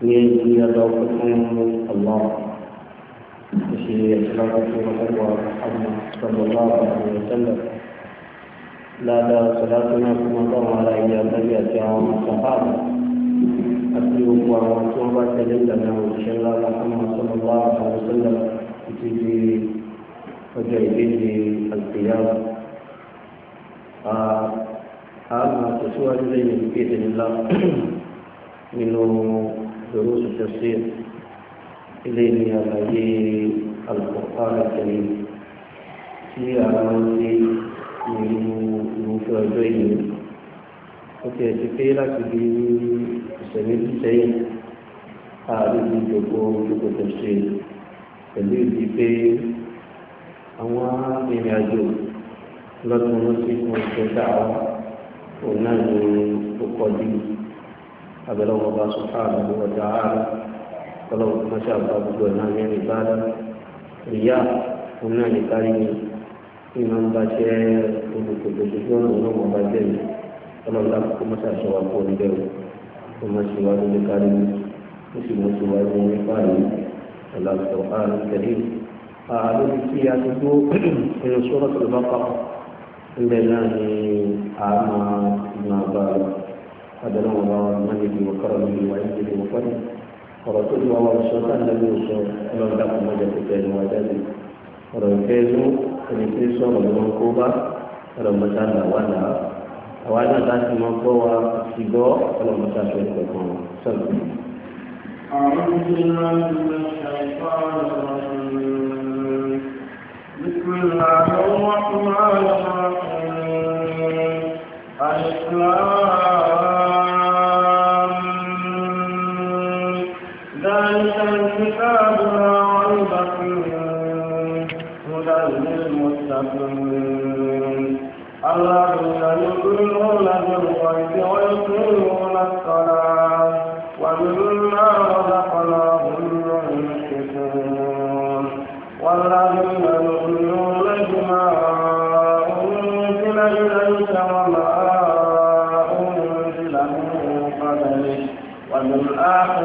pé ní ọjọ́ fún ọlọ́ ó ṣe ìṣẹ́lẹ̀ fún ọgbà ọmọ sọlọ́lá àbàtì ìṣẹ́lẹ̀ ládàá sọláṣẹ́ náà fún ọlọ́run ara ilé ọgbẹ́lẹ́ àti àwọn sàbáàbù àti gbogbo àwọn tí wọ́n bá tẹ̀lé ìlànà òṣìṣẹ́ ńlá ọmọ sọlọ́lá àbàtì ìṣẹ́lẹ̀ títí di ọjọ́ ìdíje àgbéyàwó. a máa tẹ̀síwájú lẹ́yìn ìgbésẹ̀ ńlá nínú دروس التفسير إليه هذه القرآن الكريم في أعواني المفردين وكي تقيل كبير سمير سيد هذه الجبور جبور تفسير pẹ̀lú ìdí pé àwọn ìrìn àjò lọ́dún lọ́sí fún ìṣẹ̀dá òun náà ló kọjú abẹ́lẹ́ wọn bá sùfàànù wọn dá ààrẹ ọlọ́run tó máṣe àbá gbogbo ẹ̀ náà ní ẹni bá dá ìyá òun náà ní kárí ni ìmọ̀ ń bá jẹ́ olùkòtòkò tí wọ́n náà wọ́n bá jẹ́ mi ọlọ́run láti kó máṣe àṣọ wa kó níbẹ̀ o kó máṣe wá lórí kárí ni ó sì mú sí wá lórí fáàlì ọ̀làǹtọ̀ ààrẹ tẹ̀lé àlórí tí a ti gbó inú sọ́rọ̀ tó bá pa ń náà ni àmà ìmọ̀ àbá rẹ̀. أدنى الله منه وكرمه وعزه وفضله ورسول الله صلى الله عليه وسلم أنا لكم مجد كان وعدادي ورنكيزو أن يكريسو رمضان كوبا رمضان وانا وانا ذات مقوى سيدو رمضان شوكوكم سلام أعوذ بالله من الشيطان الرجيم بسم الله الرحمن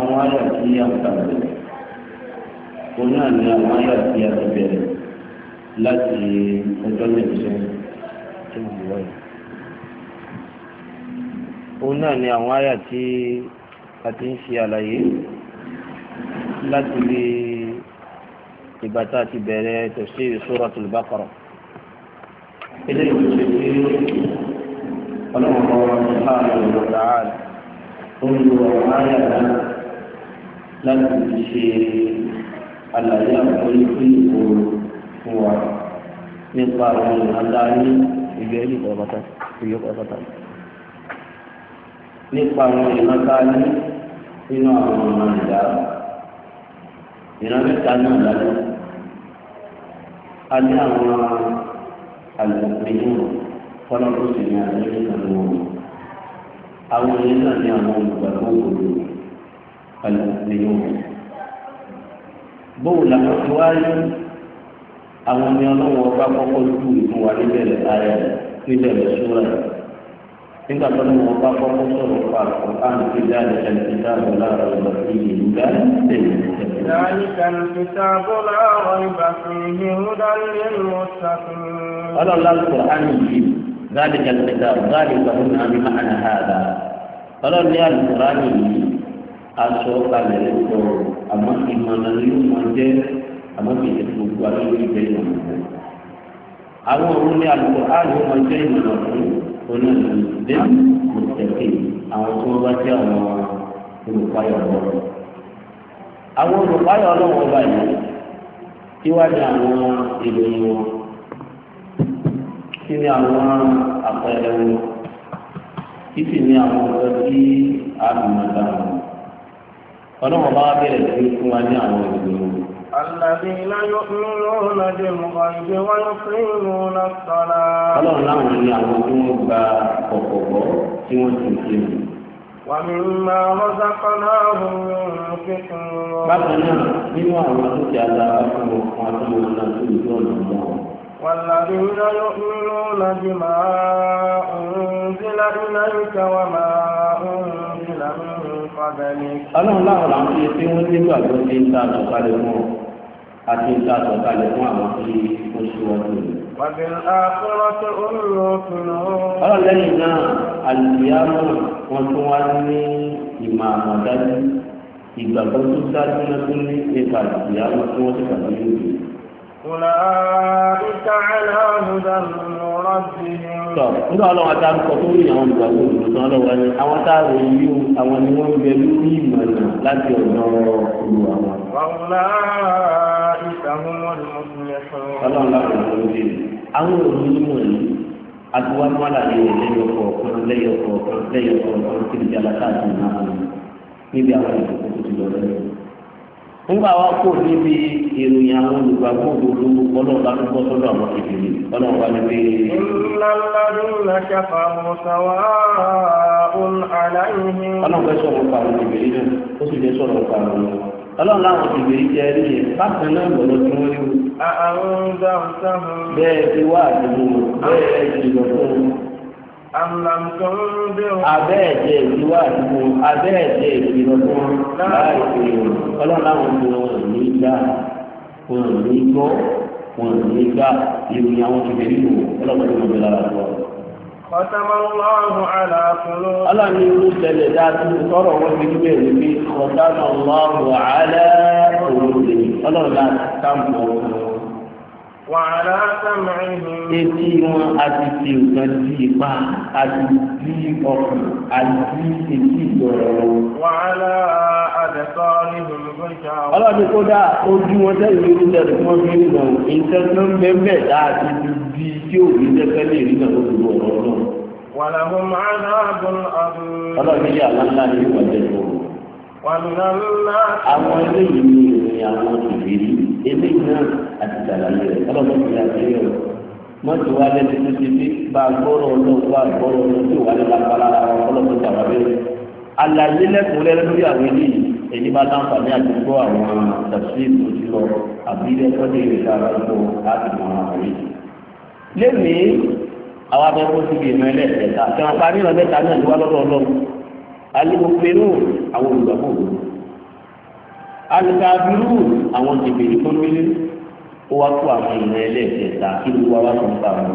àwọn àyà tí a ń kà bẹ̀rẹ̀ òun náà ni àwọn àyà tí a ti bẹ̀rẹ̀ láti ọjọ́ mẹ́jọ tó ń bọ̀ yìí. òun náà ni àwọn àyà tí a ti ń ṣe àlàyé láti lè ìgbà tá a ti bẹ̀rẹ̀ tafsir Suratul Baqara. eléyìí tó ṣe pé ọlọ́run ọ̀rọ̀ ṣáà lọ́wọ́ ṣáà lọ́wọ́ ṣáà lọ́wọ́ ṣáà lọ́wọ́ láti fi ṣe àlàyé àkọlé fún ìkòrò fún wa nípa àwọn adarí ìgbẹ́lì pàápàá ìyọ́ pàápàá nípa àwọn ìrántá ní nínú àwọn ọmọ ìdá ìrántá náà lálẹ́ a ní àwọn àlùmíhùn fọlọ́kùsì ní àlẹ́ nínú àwọn àwọn ìrántá ní àwọn olùgbàgbọ́ òkòlò. المؤمنون بولا أخواني àwọn ọmọ ọlọ́wọ́ bá kọ́kọ́ ju ìfún wa níbẹ̀rẹ̀ ayẹ níbẹ̀rẹ̀ sóra nígbà tó ní wọn bá kọ́kọ́ sọ̀rọ̀ pa àkùnrin tó dá ní kàlùkìtà bọ̀ láàrọ̀ ìgbà tó yẹ ìgbà tẹ̀lé tẹ̀lé. láàrin kàlùkìtà bọ̀ láàrọ̀ ìgbà tó yẹ ìhúdà nínú sàkùn. ọlọ́lá ń sọ àmì yìí gáàdì kàlùkìtà gáàdì kàlùkìtà àmì máa ń ha àdá ọlọ́lá ń sọ àmì yìí aṣọ kalẹ̀ lẹ́kọ̀ọ́ àmọ́ ìmọ̀nà ni yóò máa jẹ́ àmọ́ kì í ṣe gbogbo aṣọ ìjẹ́ ìmọ̀nà fún. àwọn òun ní àlùkò àlù ó máa jẹ́ ìmọ̀nà fún onílùdé mùtẹ̀kì àwọn tí wọ́n bá jẹ́ àwọn olùpáyọ̀ ọlọ́run. àwọn olùpáyọ̀ ọlọ́run ọba yìí kí wá ní àwọn ìròyìn wọn kí ni àwọn àpẹẹrẹ wọn kí sì ni àwọn ọ̀dọ́ tí a lù mọ̀ dáhùn ọlọ́run bá bẹ̀rẹ̀ sí fún wa ní àwọn ìgbìmọ̀. الذين يؤمنون بالغيب ويقيمون الصلاة. Ọlọ́run láwọn ní àwọn tó ń gba ọ̀pọ̀pọ̀ tí wọ́n ti ṣe mú. وَمِمَّا رَزَقْنَاهُمْ يُنْفِقُونَ. Bákan náà, nínú àwọn tó ti alára fún wọn fún àtúnwò náà tó ń tọ́ ọ̀nà náà. والذين يؤمنون بما أنزل ọlọ́run láwọn làwọn ti fi wọ́n nílò àjọ tí ń ta àtọ̀kalẹ̀ fún ọ àti ń ta àtọ̀kalẹ̀ fún àwọn tí ó ṣíwájú rẹ̀. ọlọ́run lẹ́yìn náà àlùfíàmù wọn tún wá ní ìmọ̀ àmọ̀dájú ìgbàgbọ́ tó dájú náà tún ní nípa àlùfíàmù tí wọ́n ti pàdé lóde. ọ̀la ìta àlàáhùn dànù tọ nígbà wọn lọ́wọ́ adarúkọ tó rí àwọn ìgbà tó dùn tán lọ́wọ́ ni àwọn tá a ròyìn yìí àwọn ni wọ́n ń bẹ lórí ìmọ̀nà láti ọ̀dọ̀ olú àwọn. ọlọ́run láti ọ̀dọ̀ olóde àwọn òní mọ̀ yìí àtiwá mọ́lá yìí lẹ́yìn ọkọ̀ ọ̀kan lẹ́yìn ọkọ̀ ọ̀kan lẹ́yìn ọkọ̀ ọ̀kan kí níbi alákàtúntì náà níbi àwọn ìdókòtò ti lọ lẹ́yìn nígbà wa kò níbi ìròyìn àwọn olùgbàgbọ́ òdodo ọlọ́run bá dúpọ́ sọ́dọ̀ àwọn kìkìrì ọlọ́run bá ní bíi. ńláńláńlá ṣàfà mùsàwá òun àlàyé. ọlọ́run fẹ́ sọ̀rọ̀ nípa àwọn kìkìrì náà ó sì fẹ́ sọ̀rọ̀ nípa àwọn ọmọ ọlọ́run láwọn kìkìrì jẹ́ rí yẹn bákan náà lọ́lọ́ tí wọ́n rí àwọn ń dá ọ̀sán. bẹ́ẹ̀ ti wá àdúgbò bẹ́ẹ̀ ti lọ fún un. abẹ́ẹ̀dẹ̀ ìdíwọ́ àdúgbò abẹ́ẹ̀dẹ̀ ìdíwọ́ láì pé ọlọ́run àwọn ọmọ wọn ní gbà wọn ní gbọ́ wọn ní gbà àwọn tó lára lọ. sọ̀rọ̀ wọn fi bí ọ̀dánù àlẹ́ òun lè ọlọ́run láti ọ̀hún. wàhálà sàmìlì. etí wọn a ti fi nǹkan di ipa a ti di ọkàn a ti etí ìgbọ̀rọ̀. wàhálà àdẹ̀sọ́ ní ìgbòmígbòmíjà. ọlọ́run kó dáa ojú wọn sẹ́yìn lórí ìtẹ̀sí wọn fi ń gbọ̀n ìtẹ̀sán bẹ́ẹ̀ dáa ti di bí tí òbí tẹ́tẹ́ lè rí náà ó ọ̀rọ̀ náà. wàlàhùn máa náà bọ̀ ọ̀run. ọlọ́run yíyá àwọn eléyìí ni ìròyìn àwọn òbí rí eléyìí náà àti sàlàyé rẹ̀ ọlọ́mọ ti yà sí ẹ̀rọ mọ́tò wa lẹ́nu tó ti fi bá gbọ́rọ̀ ọlọ́wọ́ àgbọ̀rọ̀ ọlọ́tí wà lẹ́nu apára ọlọ́mọ ti àwọn abẹ́rẹ́ àlàyé lẹ́kùnrẹ́rẹ́ lórí àwọn eléyìí èyí bá láǹfààní àti gbọ́ àwọn tàbí ìtòsí lọ àbí lẹ́kọ́dé ìrẹ̀lá àgbọ̀ láti mọ àwọn àwọn yìí. lẹ́mìí àwọn abẹ́kọ́ síbi ìmọ̀ ẹlẹ́ẹ̀kẹta kẹwàá parí ìrọ̀lẹ́ta náà ni wà lọ́dọ̀ alẹ́ gbogbo inú àwọn olùgbàgbọ́ alikabiru àwọn jìbìrì tó gbélé ó wá kó àwọn ìran ẹlẹ́ẹ̀kẹta kí ló wá wá tó ń bá wọn.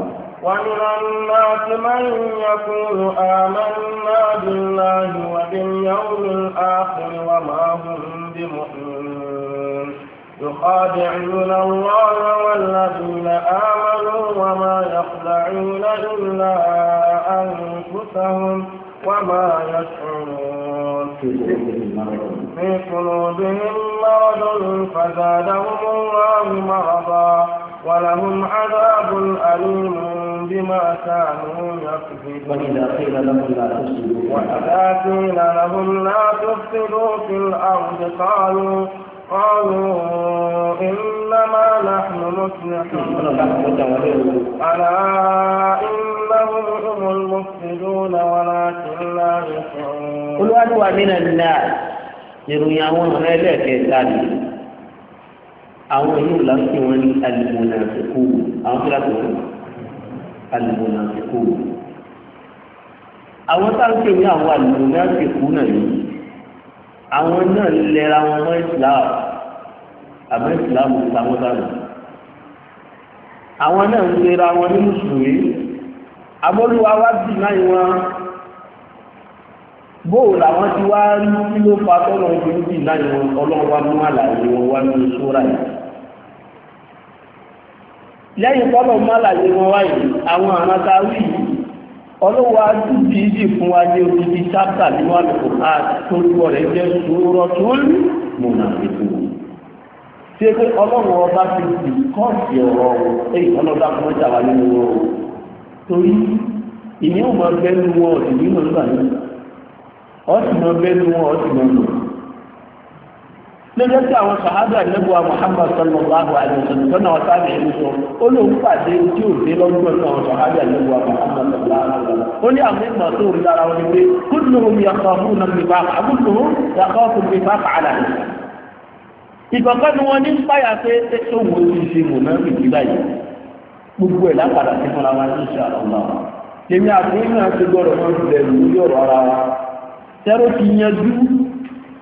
ومن الناس من يقول آمنا بالله وباليوم الآخر وما هم بمؤمنين يخادعون الله والذين آمنوا وما يخدعون إلا أنفسهم وما يشعرون في قلوبهم مرض فزادهم الله مرضا ولهم عذاب أليم بما كانوا يكذبون وإذا قيل لهم لا تفسدوا وإذا قيل لهم لا تفسدوا في الأرض قالوا قالوا إنما نحن مصلحون ألا إنهم هم المفسدون ولكن لا يشعرون قل أدوى من الناس ìròyìn àwọn ọ̀rẹ́ ẹlẹ́ẹ̀kẹta ni àwọn yóò láti wọn ní alìmọ̀nàfẹ́kù àwọn tó láti wọn alìmọ̀nàfẹ́kù àwọn táwọn tó ní àwọn alìmọ̀nàfẹ́kù náà yìí àwọn náà lẹ́ra wọn mọ́ islam àmọ́ islam ti ta wọn dànù àwọn náà ń lẹ́ra wọn ní mùsùlùmí abọ́lúwa wá bì náà wọn bóò làwọn ti wá rí kí ló fa tọ́lọ̀ ń bínú náà wọn ọlọ́run wá mú àlàyé wọn wá ní sóra yìí lẹ́yìn tọ́lọ̀ mú àlàyé wọn wáyé àwọn àràtà wíyí ọlọ́wọ́ adúbí ìdí fún wa ní odidi chapter nínú àlùkò àtòkù rẹ̀ jẹ́ Suratul Munafiqun. ṣé pé ọlọ́wọ́ ọba ti di kọ́ọ̀sì ọ̀rọ̀ ẹ̀yìn ọlọ́dà kan jà wá nínú wọn o torí ìyẹn ò máa bẹ́ẹ̀ nu wọn ọ̀sìn nínú ìgbà yẹn ọ̀sìn máa bẹ́ẹ̀ nu wọn ọ̀sìn máa nù lọ́jọ́ tí àwọn sàhábà nẹ́bùwà Muhammad sallallahu alayhi wa sallam tọ́nà ọ̀tá mi ẹni sọ ó lóun pàdé tí ò dé lọ́gbọ̀n náà sàhábà nẹ́bùwà Muhammad sallallahu alayhi wa sallam ó ní àwọn ìgbà tó rí lára wọn ni pé kulluhum yakhafuna an-nifaq kulluhum yakhafu an-nifaq ala ìgbàgbọ́ ni wọ́n ní páyà pé tó wo ti ṣe náà fi báyìí gbogbo ẹ̀ lápàdà sí fúnra wọn ti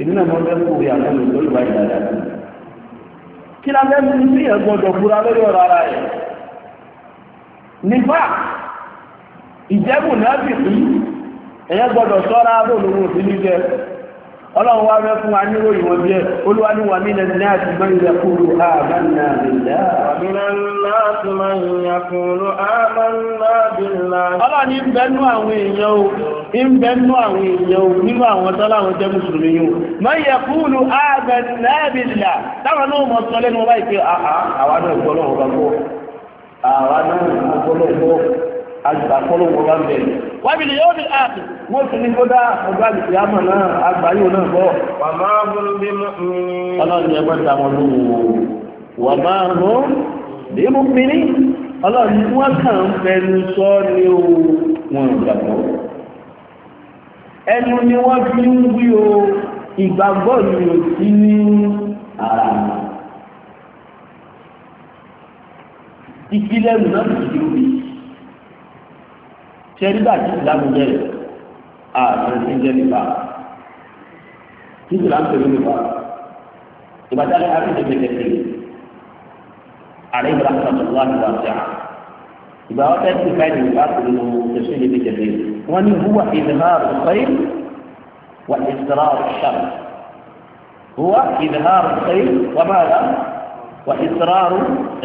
èmi náà máa ń fẹ́ kó orí àwọn olùkọ́ ìwà ìdàdà sí i kí la fẹ́ mú ní sí ẹ̀gbọ́dọ̀ búra lórí ọ̀rọ̀ ara rẹ̀ nípa ìjẹ́bù náà sì pín ẹ̀yẹ́ gbọ́dọ̀ sọ́ra bóòlù òfin ní jẹ́ ọlọ́run wá rẹ fún wa ní òyìn wọn bí ẹ olúwa ní wàmí nà ní àti máa ń yẹ kúrò àmàna bìlá. wàmínà náà ti máa ń yẹ kúrò àmàna bìlá. ọlọ́run ní bẹ́nu àwọn èèyàn o ń bẹ́nu àwọn èèyàn o nínú àwọn tọ́lá àwọn jẹ́ mùsùlùmí yìí o máa ń yẹ kúrò àmàna bìlá. táwọn náà mọ̀ sọ lẹ́nu wọn báyìí pé àwa náà gbọ́ àgbà kọ́lọ́wọ́ bá ń bẹ̀rẹ̀. wábi lè yóò di ààbò wọ́n ti ní kódà ọgbà àgbè àmà náà àgbà yóò náà bọ̀. wà máa hún bí mú mi. ọlọ́run yẹn gbọ́dọ̀ àwọn olówó wà máa hún bí mú mi ní. ọlọ́run ni wọ́n kàn ń fẹnu sọ ni o wọn gbàgbọ́. ẹnu ni wọ́n fi ń wí o ìgbàgbọ́ ni ò sí ní ara mi. nù náà kìí wí. tẹ́rígbà tí ìlànà bẹ̀rẹ̀ àtẹ̀sí jẹ́ nípa tí ìlànà bẹ̀rẹ̀ nípa ìbàdí alẹ́ àfihàn bẹ̀rẹ̀ sí àlẹ́ ìbàdí àtàtà wà ní wàjà ìgbà wọn fẹ́ẹ́ ti fẹ́ẹ́ nípa nínú tẹ̀sí ìlẹ̀ bẹ̀rẹ̀ sí wọn ní huwa ìdìmọ̀ àbùkọ́yìn wà ìsirà ọ̀ṣà هو إظهار الخير وماذا؟ وإصرار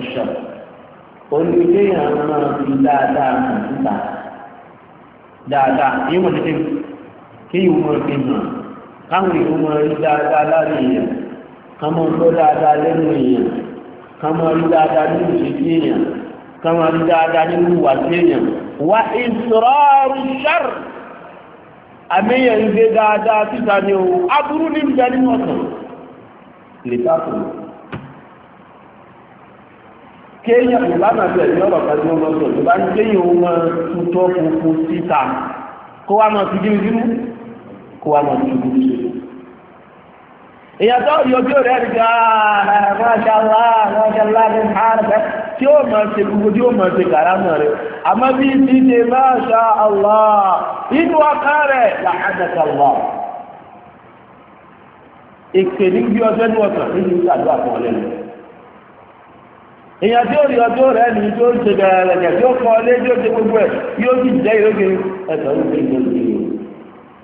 الشر. قل لي أنا في لا دام في dáadáa èyí mọ̀ títí kéyìí wọ́n fi hàn káwọn èèyàn mọ̀ rí dáadáa láàrin èèyàn ká mọ̀ gbọ́ dáadáa lẹ́nu èèyàn ká mọ̀ rí dáadáa nínú ìṣèjì èèyàn ká mọ̀ rí dáadáa nínú ìwà sí èèyàn wà ìṣòro ṣẹ́rù àmẹ́yẹ̀ ń gbé dáadáa síta ni o aburú ní ìjà nínú ọ̀sán lè sáfù kéèyàn kò bá máa bẹ̀rẹ̀ lọ́rọ̀ kan tí wọ́n máa sọ ìjọba ní kéèyàn ó máa tutọ́ funfun síta kó wá máa fi gírí gírí kó wá máa fi gírí gírí. èèyàn tó yọjú rẹ̀ ní ká Masha Allah ní àárẹ̀ tí ó máa ṣe gbogbo tí ó máa ṣe kàrámọ̀ rẹ̀ àmọ́ bí ti ṣe inú ọkà rẹ̀ làhàdàkà lọ. èkè ní bí ọjọ́ ní ọ̀sán nínú ìṣàdúrà kan lẹ́nu èèyàn tí ó rí ọjọ́ rẹ̀ ní tí ó ṣe bẹ̀rẹ̀ rẹ̀ tí ó kọ́ ilé tí ó ṣe gbogbo ẹ̀ yóò sì jẹ́ ìrógin ẹ̀sọ́ ìgbẹ́ ìgbẹ́ ìgbẹ́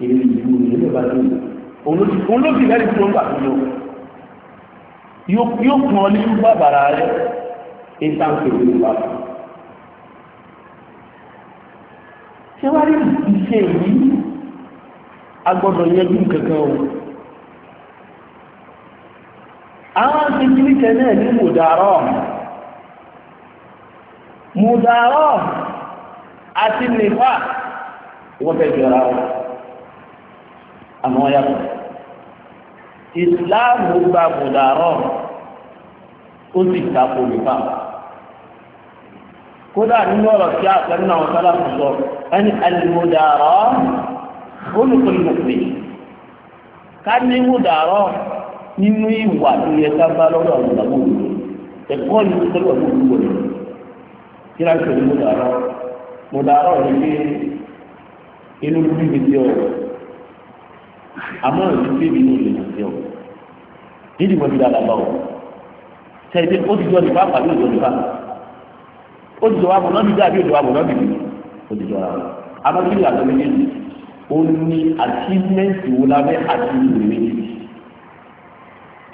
ìlú ìlú ìlú ìbá tó òun ló fi lẹ́rìí tó ń gbà tó yóò kún ọ ní bá bàrà rẹ̀ ìtànkì ìlú a gbọ́dọ̀ yẹjú kankan o àwọn aṣèjìlì kẹ náà ní mòdàrọ́ ọ̀hún mùdàrọ́ àti nìfà ìwọ́n fẹ́ jọra wọn àmọ́ yàtọ̀ ìsìláàmù gba mùdàrọ́ ó sì tako nìfà kódà nínú ọ̀rọ̀ tí a sọ nínú àwọn sálà tó sọ ẹni àlùmùdàrọ́ olùkọ́ ìmọ̀pẹ̀ ká ní mùdàrọ́ nínú ìwà tó yẹ ká bá lọ́dọ̀ àwọn ìgbàgbọ́ òdodo ẹ̀kọ́ ni tó tẹ́lẹ̀ ọ̀dọ́ òdodo kí láti ṣe mọ̀dàrọ̀ mọ̀dàrọ̀ ni pé inú bíbí ti ọ̀ àmọ́ ìlú bíbí inú ìlú ti ọ̀ nídìí mo ti dá dàgbà ọ̀ sẹ́yìn ó ti jọ nípa pàdé òjò nípa ó ti jọ wa mọ̀nà bíbí àbí òjò wa mọ̀nà bíbí ó ti jọ wa àmọ́ kí ni àtọ́ méjèèjì ó ní àtìmẹ́ǹtì wo la fẹ́ àti ìlú méjèèjì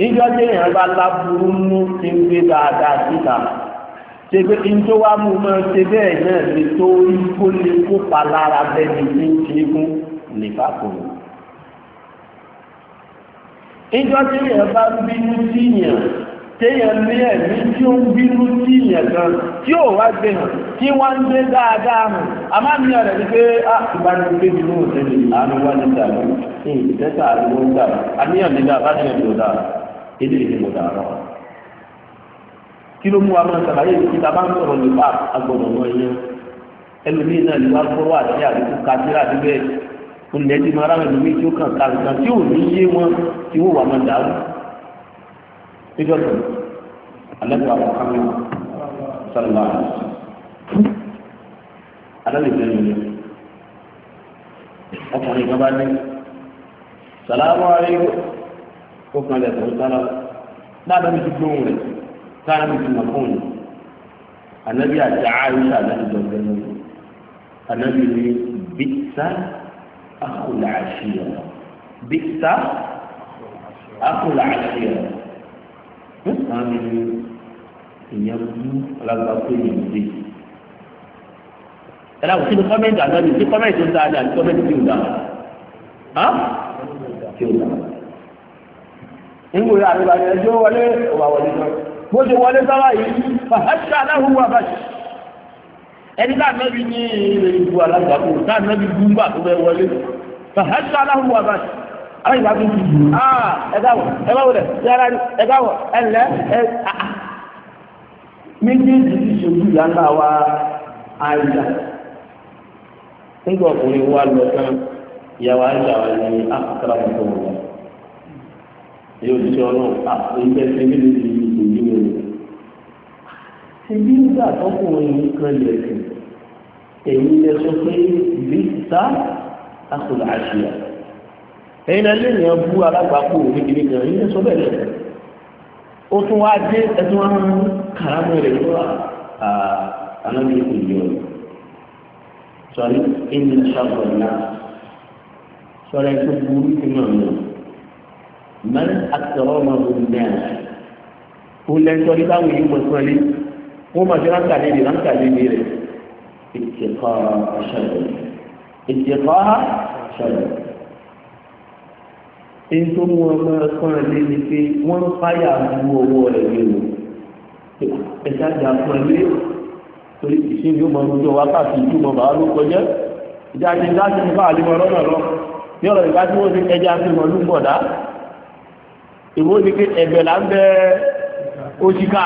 ìjọ tí èèyàn bá láburú mú ti ń gbé dáadáa síta ṣe pé kí n tó wá mú mọ́ ṣe bẹ́ẹ̀ náà ni tó rí kó lè kópa lára bẹ́ẹ̀ ni ń ṣe fún nípa kò ní. ìjọ tí èèyàn bá ń bínú sí yàn téèyàn ní ẹ̀mí tí ó ń bínú sí yàn gan tí ò wá gbé hàn tí wọ́n ń gbé dáadáa hàn àmọ́ mi ọ̀rẹ́ ni pé a ìbá ní pé mi lóò tẹ́lẹ̀ àánú wá ní ìdàgbà ní ìdẹ́ta àdúgbò ń dà àníyàn nígbà bá ní ẹ̀mí ò ilé ìdìbò dáa kí ló mú wa máa sàlàyé ìdí tá a bá ń sọ̀rọ̀ nípa agbọ̀dọ̀ náà yẹn ẹlòmíín náà ló wá gbọ́rọ̀ àti àdúgbò kásírà àdúgbò ẹ̀ olùlẹ̀ ti máa ráwọn ẹlòmíín tí ó kàn kárì kan tí ò ní yé wọn tí wọ́n wà máa dàrú. níjọ́ kan alẹ́kọ̀ọ́ àwọn kámi sálùmá adáni ìfẹ́ mi ọkùnrin kan bá ní sàlámù aláìkò ó kan lẹ̀ tó náà dábìí ti gbóhùn rẹ̀ sáàmì ti mọ̀ fún mi ànábì àti àìsà ànábì lọ́gbẹ́ mi ànábì ní bíksá akùlà àṣìyà bíksá akùlà àṣìyà sáàmì ní ìyẹn bú alágbàpọ̀ ènìyàn dé ẹ̀rọ àwọn sínú kọ́mẹ́ntì ànábì sí kọ́mẹ́ntì tó dáa ní àti kọ́mẹ́ntì tí ò dáa tí ò dáa nígbò yà àríwá ẹjọ́ wọlé ọ̀wà wọlé náà. bó ṣe wọlé sára yìí fàáṣà láhùn wà bá ẹni tá ànábi ní ilé ìbú alágbàkú tá ànábi gúngbà tó bẹ wọlé fàáṣà láhùn wà àwọn ìgbà tó dẹ yàrá ẹlẹ ẹ ah, ah. ti yàrá wa àyà nígbà lọ tán ìyàwó àyà ní ah, yóò ṣe ọ síbí nígbà tọkùnrin yìí kan lè sùn èyí lè sọ pé ìlú ìta àkùlà àṣìyà ẹ̀yin náà lè yàn bú alágbàpọ̀ òní kìíní kan èyí lè sọ bẹ́ẹ̀ lẹ́yìn ó tún wá dé ẹtún wọn kàrámù rẹ̀ ló wà ànábìyẹ kò yọ sọrí ẹni sábà náà sọrí ẹtún burú tí màá mọ mẹ́rin àtẹ̀rọ̀ ọmọ ọdún náà ó lẹ́ńtọ́ ní báwo yìí mọ̀ sọ́lé wọ́n máa fi ráńkà lébi ráńkà lébi rẹ̀ ìtìkọ́ ṣẹlẹ̀ ìtìkọ́ ṣẹlẹ̀. èyí tó mú ọmọ ẹ̀kọ́ rẹ̀ lé ni pé wọ́n ń fáyà bu owó rẹ̀ lé o ẹ̀ka ìjà fún ẹ lé torí ìṣe ni ó mọ ọdún wákàtí ìjú mọ bàá ló kọjá ìjà ti láti ní báà lé lọ́nà lọ ní ọ̀rọ̀ ìgbà tí wọ́n ti ẹja fi wọn lú mọ̀dá ìwọ́n ni pé ẹ̀bẹ̀ là ń bẹ òṣìkà.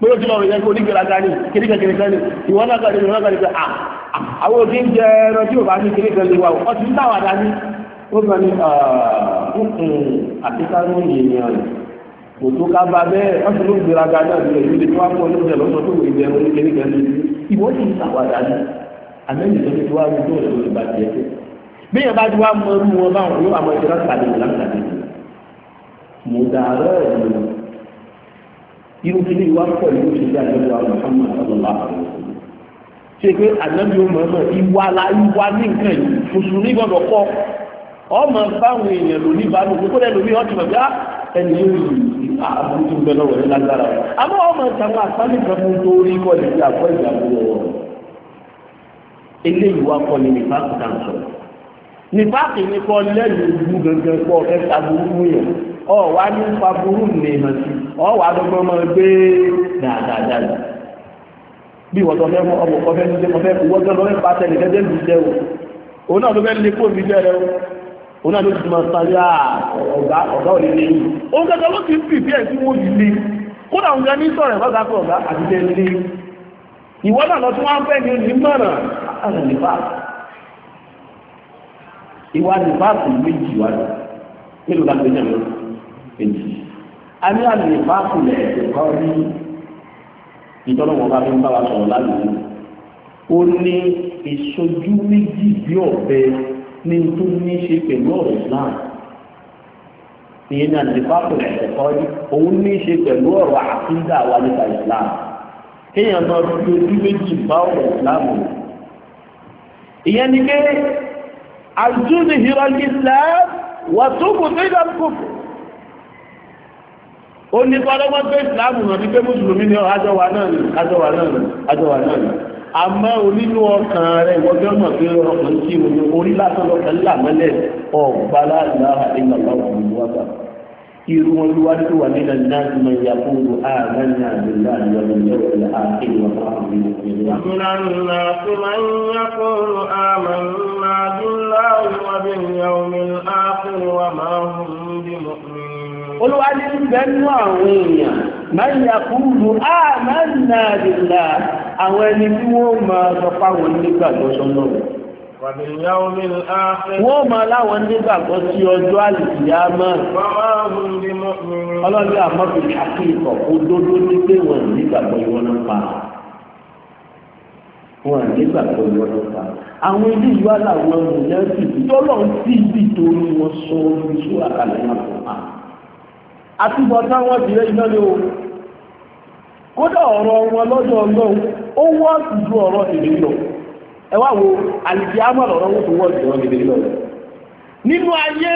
pé ó ti máa wòye kó onígbèrágá ní kìrìkìrì kan ní ìwọ náà kàdé ìwọ náà kàdé pé àwọn òbí ń jẹ ẹran tí ò bá ní kìrìkìrì kan lè wà ó ti ń dáwà dání ó kàn ní àtikárò ènìyàn kò tó ká bá bẹ́ẹ̀ wọ́n ti ló ń gbèrágá náà ní ẹ̀jú lè tó wá fún olóúnjẹ lọ́sọ tó wòye jẹun ní kìrìkìrì kan ní ìwọ ti ń dáwà dání àmẹ́yìn tó ti wá rí tó lè lè bá tiẹ̀ tó bí yẹn bá ti wá mọ irú wọn báwọn yóò irú kí ni ìwà pọ̀ nínú ìṣẹ̀lẹ̀ àjọyọ̀ àwọn ọmọ àtọ́lọ́lá ṣe pé ànábi ọmọ ọmọ ìwà la ìwà ní nǹkan yìí mùsùlùmí gbọdọ̀ kọ́ ọmọ báwọn èèyàn lò ní ìbámu kókó lẹ́nu lórí ọtí bàbá ẹni yóò yí àbúrò tó ń bẹ lọ́wọ́ yẹn lágbára àmọ́ ọmọ ìtàwọn àpáńdé kan fún tó rí kọ́ ìdí àpọ̀ ìdàgbò wọ̀ eléyìí wá kọ́ ni nípa kò tà ń sọ̀rọ̀ nípa kì í ní kọ́ lẹ́nu gbú gangan kọ́ ẹ̀ ọ wá ní nípa burú nìyẹn sí ọ máa gbé dáadáa bí wọ́n tó fẹ́ mú ọmọ ní ṣe wọ́n jẹ́ o òun náà ló fẹ́ lé rẹ o òun náà ló ti sáré à ọ̀gá ọ̀gá yìí òun ló ti ń sí wọ́n yìí lé kódà òun ní sọ̀rọ̀ fún ọ̀gá àtijọ́ ilé náà lọ kejì alẹ́ àlè fáfùlẹ̀ ẹ̀kọ́ rí ìtọ́lọ́wọ́ bá fi ń bá wa sọ̀rọ̀ lálùú ó ní ìṣojú méjì bí ọ̀bẹ ní tó ní ṣe pẹ̀lú ọ̀rọ̀ Islam ìyẹn ní àlè fáfùlẹ̀ ẹ̀kọ́ rí òun ní ṣe pẹ̀lú ọ̀rọ̀ àfíńdà wa nípa Islam kéèyàn máa fi ojú méjì bá ọ̀rọ̀ Islam rẹ̀ ìyẹn ni pé àjùdìhìrọ̀ Islam wà tó kù sí ìdàkùnfù ó ní kọ́ lọ́gbọ́n pé ìsìláàmù náà ní pé mùsùlùmí ni àjọwà náà ni àjọwà náà ni àjọwà náà ni àmọ́ onínú ọkàn rẹ̀ ìwọ́jọ́ mọ̀ pé ọkàn tí o ní orí lásán lọ́kàn ńlá mọ́lẹ̀ ọ̀gbá láàlá ìlàlá òun wábà irú wọn olúwa ní bẹ́ẹ̀nú àwọn èèyàn máa ń yàkúrú àmàlà àdìlà àwọn ẹni tí wọ́n máa sọ fáwọn nígbàgbọ́ sọ́nà. wọ́n máa láwọn nígbàgbọ́ sí ọjọ́ àlùkìyámọ̀. ọlọ́dún àmọ́fi kàkí ikọ̀ òdodo ní pé wọ́n nígbàgbọ́ ìwọ́n náà pa. wọ́n nígbàgbọ́ ìwọ́n náà pa. àwọn ilé ìwà làwọn ọmọ ìyá sì tó lọ́n sí ibi tó ní wọ́n sọ orí sí àkàlẹ́ náà fún wa. àtúbọ̀ táwọn ti o kódà ọ̀rọ̀ wọn lọ́dọ̀ ọlọ́run ó wọ́ ìjú ọ̀rọ̀ tèmi lọ wo àlìkí àmọ́ ọ̀rọ̀ wọn tó tèmi lọ nínú ayé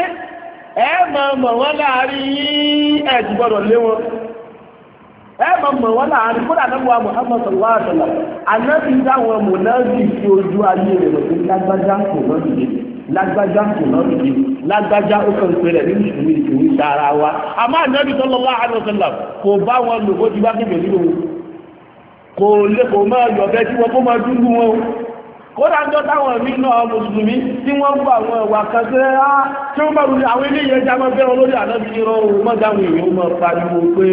ẹ máa mọ̀ wọ́n láàrin ti gbọ́dọ̀ lé wọn ẹ máa mọ̀ wọ́n láàrin kódà náà wà Muhammad dáwọn ojú ayé rẹ̀ lágbájá lágbájá kò lọ́dún yìí lágbájá ó kàn pé rẹ̀ ní mùsùlùmí ìkòwé sára wa àmọ́ ànábì sallallahu alaihi wasallam kò bá wọn lò ó ti bá kéde nínú kò lè kò máa yọ̀ bẹ́ẹ̀ tí wọ́n kó máa o kódà ń jọ táwọn mí náà mùsùlùmí tí wọ́n ń bá àwọn ẹ̀wà kan sí ẹ́rá ah, tí wọ́n bá rúdí àwọn eléyìí ẹja máa bẹ́rọ lórí ànábi ìran òun mọ́gá àwọn èèyàn máa pariwo pé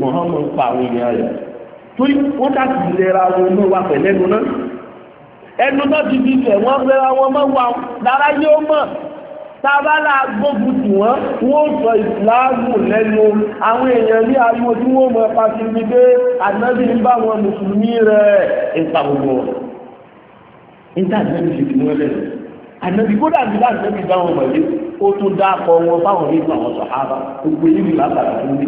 Muhammad pa àwọn èèyàn rẹ̀ torí wọ́n dá sí ìlera wọn náà wà pẹ̀lẹ́nu náà ẹnu náà ti di ilẹ̀ wọ́n fẹ́ra wọn mọ́ wa lára yóò mọ̀ tábàlà gbógun tì wọ́n wọ́n sọ ìsìláàmù lẹ́nu àwọn èèyàn ní ariwo tí wọ́n mọ̀ ẹ̀ka dé ànábì ń bá wọn mùsùlùmí rẹ̀ ìpa gbogbo níta ànábì fi fi wọ́n lẹ́nu ànábì kódà ní láti ànábì bá wọn mọ̀lé ó tún dá akọ wọn fáwọn nínú àwọn sọ̀hábà gbogbo yìí nìlá bàtà tó ní.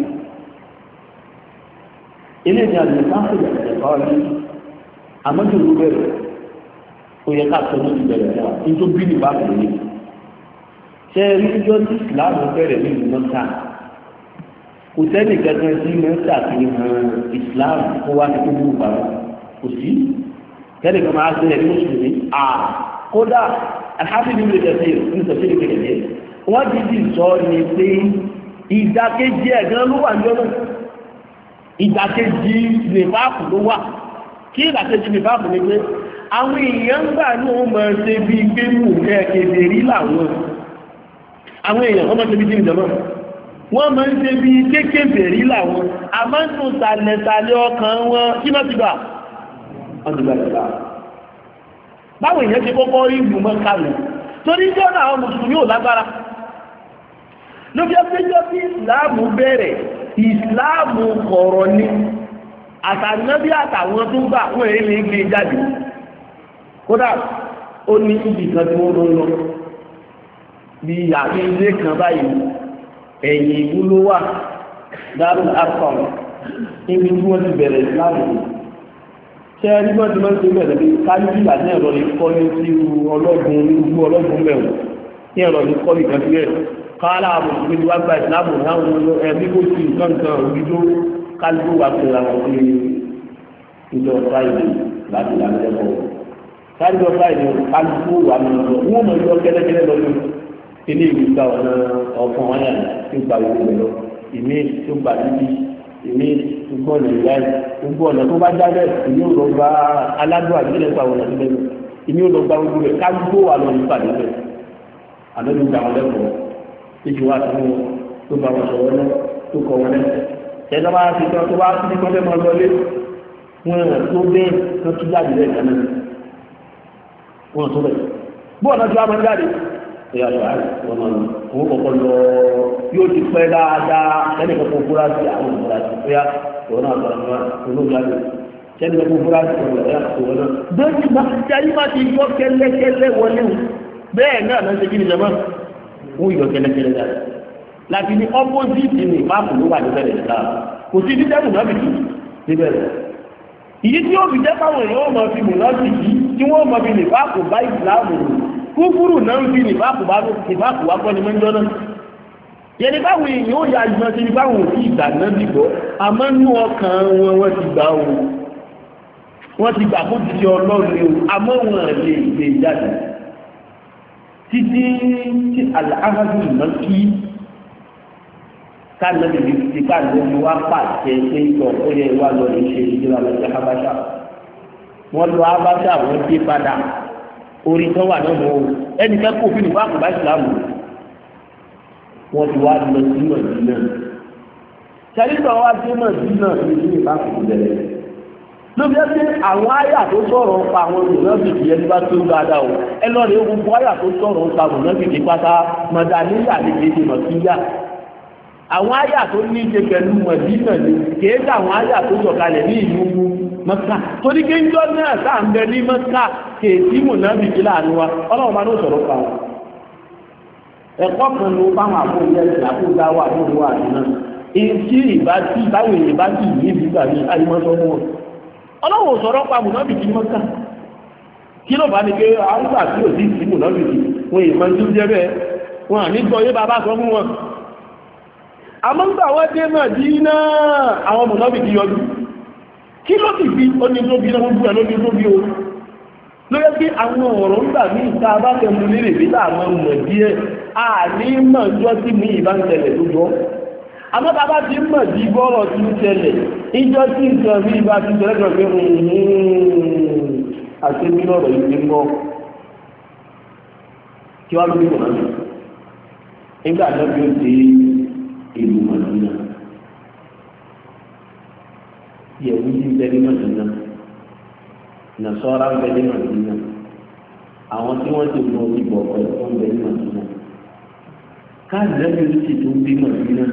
ilé ìjà lè sáfù ìyàtọ̀ àmọ́jọ́ ló bẹ̀rẹ̀ ó yẹ ká tó lórí bẹ̀rẹ̀ náà nítorí bí nìbá kò ní. ṣé níjọ́ tí ìsìláàmù bẹ̀rẹ̀ ní ìlú mọ́ta kò sẹ́ni kankan sí mọ́ta fi hàn ìsìláàmù kó wá sí gbogbo ìbára kò sí kẹ́lẹ́ kan máa gbé ẹni mùsùlùmí à kódà alhamdulilayi ní ìtẹ̀sí ní ìtẹ̀sí ní ìtẹ̀sí wọ́n ti di sọ ni pé ìdákejì ẹ̀ gan ló wà ní ọ̀nà ìdákejì nìbáàkù ló wà kí ìdákejì nìbáàkù ni pé àwọn èèyàn ń gbà ní òun máa ṣe bí pé mú kẹ́kẹ́dẹ̀ rí làwọn àwọn èèyàn wọ́n máa ṣe bí jíjìn jọmọ́ wọ́n máa ń ṣe bí kékèbè rí A àmọ́ ń tún tàlẹ̀tàlẹ̀ ọkàn wọn kí náà ti gbà wọ́n ti gbà ìgbà báwo èèyàn ṣe kọ́kọ́ rí ìlú mọ́ kalẹ̀ torí jọ́nà àwọn mùsùlùmí ò lágbára ló fi ọpẹjọ bí ìsìláàmù bẹ̀rẹ̀ ìsìláàmù kọ̀ọ̀rọ̀ ni àtànábí àtàwọn tó gbà wọ́n èèyàn lè gbé jáde kódà ó ní ibi kan tí wọ́n lọ lọ bí àbí ilé kan báyìí ẹ̀yìn ìlú ló wà Darul Arqam níbi tí wọ́n ti bẹ̀rẹ̀ ìsìláàmù ṣé ẹni bọ́n ti máa ń ṣe bẹ̀rẹ̀ bí káyọ̀dìlà ní ẹ̀rọ ní kọ́ ní sí ọlọ́gun ní gbogbo ọlọ́gun mẹ́wọ̀n ní ẹ̀rọ ní kọ́ nìkan sí rẹ̀ kọ́lá àbùkù ní wàá gba ìsìláàmù láwọn ẹbí kò sí nǹkan kan òbídó kálíbó wà pé àwọn ọmọ ìjọ ọ̀tá ìlú láti làmẹ́lẹ́kọ̀ọ́ káàdì ọba yìí alùpùpù wà lọ́wọ́ wọ́n mọ̀ yọ kẹ́lẹ́kẹ́lẹ́ lọ́wọ́ ilé ìlú gba ọ̀nà ọ̀fọ̀n wọn yà tó gba ìwé lọ ìmí tó gba níbí ìmí gbogbo ọ̀nà ìyá yìí gbogbo ọ̀nà tó bá jáde ìmí ò lọ gba aládùn àbílẹ̀ gba ọ̀nà ìbẹ̀ lọ ìmí ò lọ gba gbogbo rẹ̀ kágbó wà lọ nípa níbẹ̀ àlọ́ ló gba wọn lẹ́kọ̀ọ́ ìjù wà tó tó bá wọn tó kọ wọn lẹ́kọ̀ọ́ wọn tó bẹ̀rẹ̀ bó ọ̀nà tí wọ́n máa ń jáde ìyá rẹ̀ wọn máa ń owó kọ̀ọ̀kan lọ yóò ti pẹ́ dáadáa lẹ́nu ìkọ̀kọ̀ fúrásì àwọn ìmúrasì bóyá ìwọ náà sọ̀rọ̀ níwá olóògbé àgbè sẹ́ni ìkọ̀kọ̀ fúrásì ọ̀rọ̀ ẹ̀yà ìwọ náà. bẹ́ẹ̀ni bá ti ayé bá ti yọ kẹ́lẹ́kẹ́lẹ́ wọlé o bẹ́ẹ̀ náà lọ́sẹ̀ kí ni jama wọ́n yọ kẹ́lẹ́kẹ́lẹ́ dáa láti ní ọ́pọ́sìtì ní ìbáàmù ló wà níbẹ̀rẹ̀ ìyí tí ó fi jẹ́ fáwọn èèyàn ọmọ fi mù lọ́sì yìí tí wọ́n mọ fi nìfàkù bá ìsìláàmù kúkúrú náà ń fi nìfàkù bá nìfàkù wá kọ́ni mọ́jọ́ náà yẹn ní báwọn èèyàn ó ya ìmọ̀ sí ní báwọn òfin ìgbà náà ti gbọ́ àmọ́ nú ọkàn wọn wọ́n ti gbà o wọ́n ti gbà kó ti ṣe ọlọ́run o àmọ́ wọn lè gbé e jáde títí tí àlàáfáà kálọ̀dì ní ti káàdì ní wá pàṣẹ pé ìtọ̀ ó yẹ wá lọ lè ṣe ìjọba lọ sí abáṣà wọn lọ abáṣà wọn dé padà orí tó wà lọ́nà o ẹnì kẹ́kọ̀ọ́ òfin ìwà àkùbá ìsìlámù wọn ti wá lọ sí mọ̀dínà sẹ́yìnbọn wá sí mọ̀dínà ní ìlú ìbáfẹ́ ìbẹ̀rẹ̀ lóbi ẹsẹ àwọn àyà tó sọ̀rọ̀ pa àwọn mùnàfìkì ẹni bá tó dáadáa o ẹ lọ́ọ̀rẹ́ gbogbo àyà tó sọ̀rọ̀ pa mùnàfìkì pátá mọ̀dàníyà ní kéde mọ̀síyà àwọn àyà tó ní ṣe pẹ̀lú mọ̀bí náà ni kìí ṣe àwọn àyà tó sọ̀kalẹ̀ ní ìlú mọ́ká torí kéńjọ́ náà sáà ń bẹ ní mọ́ká kìí sí mùnàbìkì láàánú wa ọlọ́run bá ló sọ̀rọ̀ pa wọn ẹ̀kọ́ kan ló bá wọn àpò ìyá ìgbà tó dá wà ní ìlú àti náà èyí ìbá tí báwo èyí bá tí ìyí ìgbà mi àyùmọ́sọ mú wọn. ọlọ́wọ́ sọ̀rọ̀ pa mùnàbìkì mọ́kà kí ló bá ní pé àrùbà tí ò sí sí mùnàbìkì wọn èyí máa ń tún jẹ́ bẹ́ẹ̀ wọn àmọ́ ń gbà wọ́n dé Mádínà àwọn mọ̀nàbì ti yọjú kí ló sì fi oní tó bí lọ́wọ́ búra lóní tó bí o ló yẹ kí àwọn ọ̀rọ̀ ń gbà ní ìta bá tẹnu lérè bí láàmọ́ mọ̀ díẹ̀ àní mọ̀ jọ́ sí ní ìbánisẹ̀lẹ̀ tó jọ́ àmọ́ tá a bá ti ń mọ̀ sí bọ́ọ̀rọ̀ tí ń ṣẹlẹ̀ ìjọ sí nǹkan bí ibà ti ṣẹlẹ̀ jọ pé hmm, hmm, àti mi lọ́rọ̀ yìí ti ń bọ́ kí wàá lóbi mọ̀ náà nígbà náà bí ó ti ìlú màdínà yẹ̀wù ti bẹ ní màdínà nàṣọ́ra bẹ ní màdínà àwọn tí wọ́n ti mọ ìbọ̀ pẹ̀lú wọn bẹ ní màdínà káàdì lẹ́yìn ti tó bí màdínà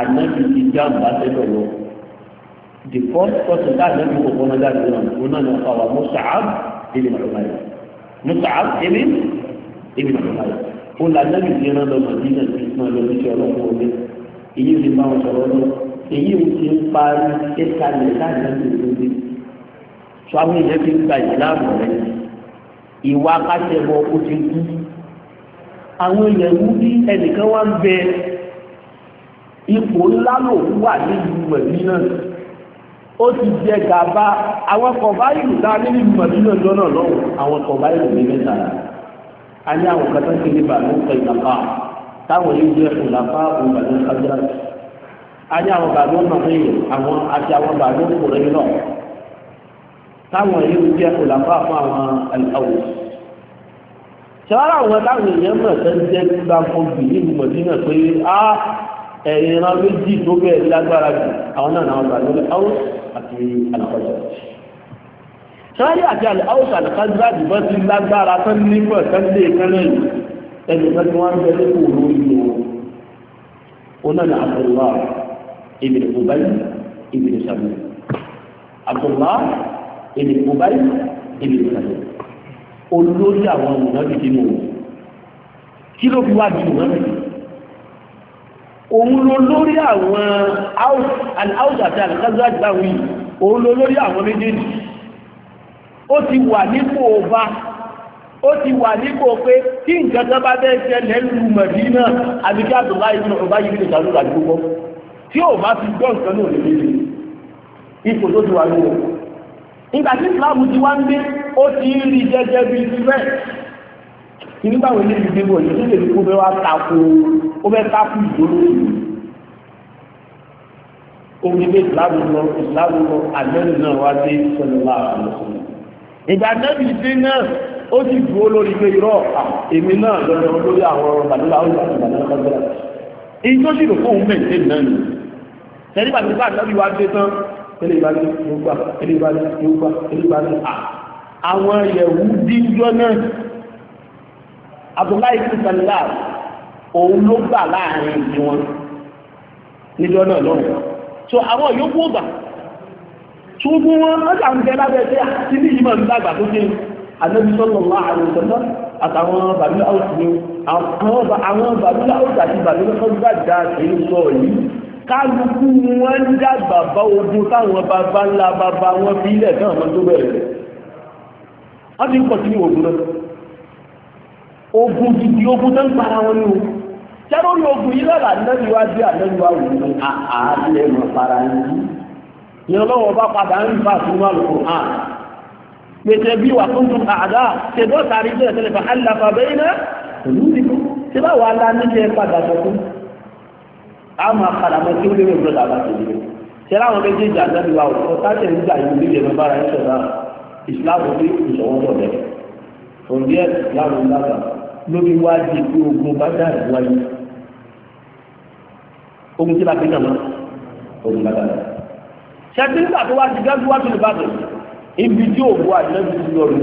ànábi ti jáàmbá tẹ́lẹ̀ lọ the first person that ànábi kò kọ́nà dáadé náà òun náà ní ọ̀pá wa Mus'ab ibn Umayr Mus'ab ibn ibn Umayr òun làǹdàbì ti rán lọ màdínà ti máa èyí ti bá wọn sọ̀rọ̀ lọ èyí ò ti ń parí kékalẹ̀ láti ẹ̀sìn lóde sọ àwọn èèyàn ti ń gba ìsìláàmù rẹ ìwà kásẹ̀bọ ó ti kú àwọn èèyàn wú bí ẹnìkan wá ń bẹ ipò ńlá lòun wà nílùú mẹ̀bí náà ó ti jẹ gàba àwọn kọ̀ọ̀bá ìlú ta nílùú mẹ̀bí náà lọ́nà lọ́wọ́ àwọn kọ̀ọ̀bá ìlú ní mẹ́ta a ní àwọn kan tó bàbá ń pẹ́ ìjàmbá táwọn yìí jẹ́ ìlàpá òǹbàdó kájá a ní àwọn bàbá ọmọdé àwọn àti àwọn bàbá ọkùnrin náà táwọn yìí jẹ́ ìlàpá fún àwọn àwò sọ́wọ́n àwọn táwọn èèyàn mọ̀ tó ń jẹ́ nígbà fọ́ọ̀bì nínú mọ̀dínà pé á ẹ̀yìn ìran méjì tó bẹ́ẹ̀ lágbára jù àwọn náà náà bàbá ọmọdé àti àlàkọ́jọ́ sọ́wọ́n àti àlàkọ́jọ́ àti bọ́sí lágbára tó ń ẹni kan tí wọ́n ń bẹ lẹ́kọ̀ọ́ olórí wọn onáni Abdullah ibn Ubay ibn Salul Abdullah ibn Ubay ibn Salul olórí àwọn mùnàbìkì nù kí ló fi wá di mùnàbìkì òun ló lórí àwọn al àti al-Khazraj báwí òun ló lórí àwọn méjèèjì ó ti wà nípò ọba ó ti wà nípò pé kí nǹkan kan bá bẹ́ẹ̀ ṣẹlẹ̀ lu Mẹdínà àbí kí Abdullahi ibn Ubay ibn Salul àti gbogbo tí ò bá fi gbọ́ nǹkan náà lè lè ipò tó ti wà lóhùn nígbà tí Islam ti wá ń dé ó ti ń rí jẹjẹ bíi ti bẹ́ẹ̀ nígbà wo ni ìdìbò yìí tó lè fi kó bẹ́ẹ̀ wá tako ó bẹ́ẹ̀ tako ìdóló yìí onílé ìsìláàmù lọ ìsìláàmù lọ àlẹ́ nínú wa dé sọ̀rọ̀ láàrin ìgbà náà ó sì dúró lórí pé irọ́ èmi náà lọ́dọ̀ lórí àwọn ọ̀rọ̀ gbàdúrà ó yàtọ̀ gbàdúrà gbàdúrà èyí tó sì rò fóun mẹ́ǹtẹ́ náà nì tẹ́lẹ̀ bàtí bá àtàbí wa dé tán tẹ́lẹ̀ bá dé yóò gbà tẹ́lẹ̀ bá dé yóò gbà tẹ́lẹ̀ bá dé à àwọn yẹ̀wù díjọ́ náà Abdullahi kristanilá òun ló gbà láàrin ìdí wọn níjọ́ náà lọ́wọ́ so àwọn yòókù gbà ṣùgbọ́n wọn ọjà ń bẹ lábẹ́ tẹ́ àti ní ìmọ̀ nígbàgbà tó dé anabi sallallahu alaihi wasallam àtàwọn bàbí áwùsì ni àwọn bàbí áwùsì àti bàbí sọ́jà dá èyí sọ yìí kálukú wọn ń dá bàbá ogun táwọn bàbá ńlá bàbá wọn fi ilẹ̀ náà wọn tó bẹ̀rẹ̀ wọn ti ń pọ̀ sí ogun náà ogun gidi ogun tó ń para wọn ni o jẹ́rọ ní ogun yìí lọ́la nẹ́lúwa bí àlẹ́lúwa wù ní àhálẹ́ ah, ah, mọ̀ para yìí ni ọlọ́wọ́ bá padà ń bá sínú àlùkò hàn. Ah, gbèsè bí wà fún tún àdá ṣe bọ́ sáré jẹ́ ìṣẹ̀lẹ̀ fà hàlàfà bẹ́ẹ̀ náà pẹ̀lú ìdìbò ṣe bá wàá lá níṣẹ́ padà sọ fún a máa padà mọ́ tí ó léwé ìjọba àbá tó léwé ṣe láwọn méjèèjì àgbẹ̀bí wa ò sáṣẹ̀ nígbà yìí ní ìjẹ̀mọ́ bára ń ṣọ̀dá ìsìláàmù bí ìṣọ̀wọ́n sọ̀ bẹ́ẹ̀ òǹdí ẹ̀ ìsìláàmù ńláta lórí wá di pé ogun bá dáàbò wáyé ogun tí bá gbé ibi tí òbu ànábì lọ rẹ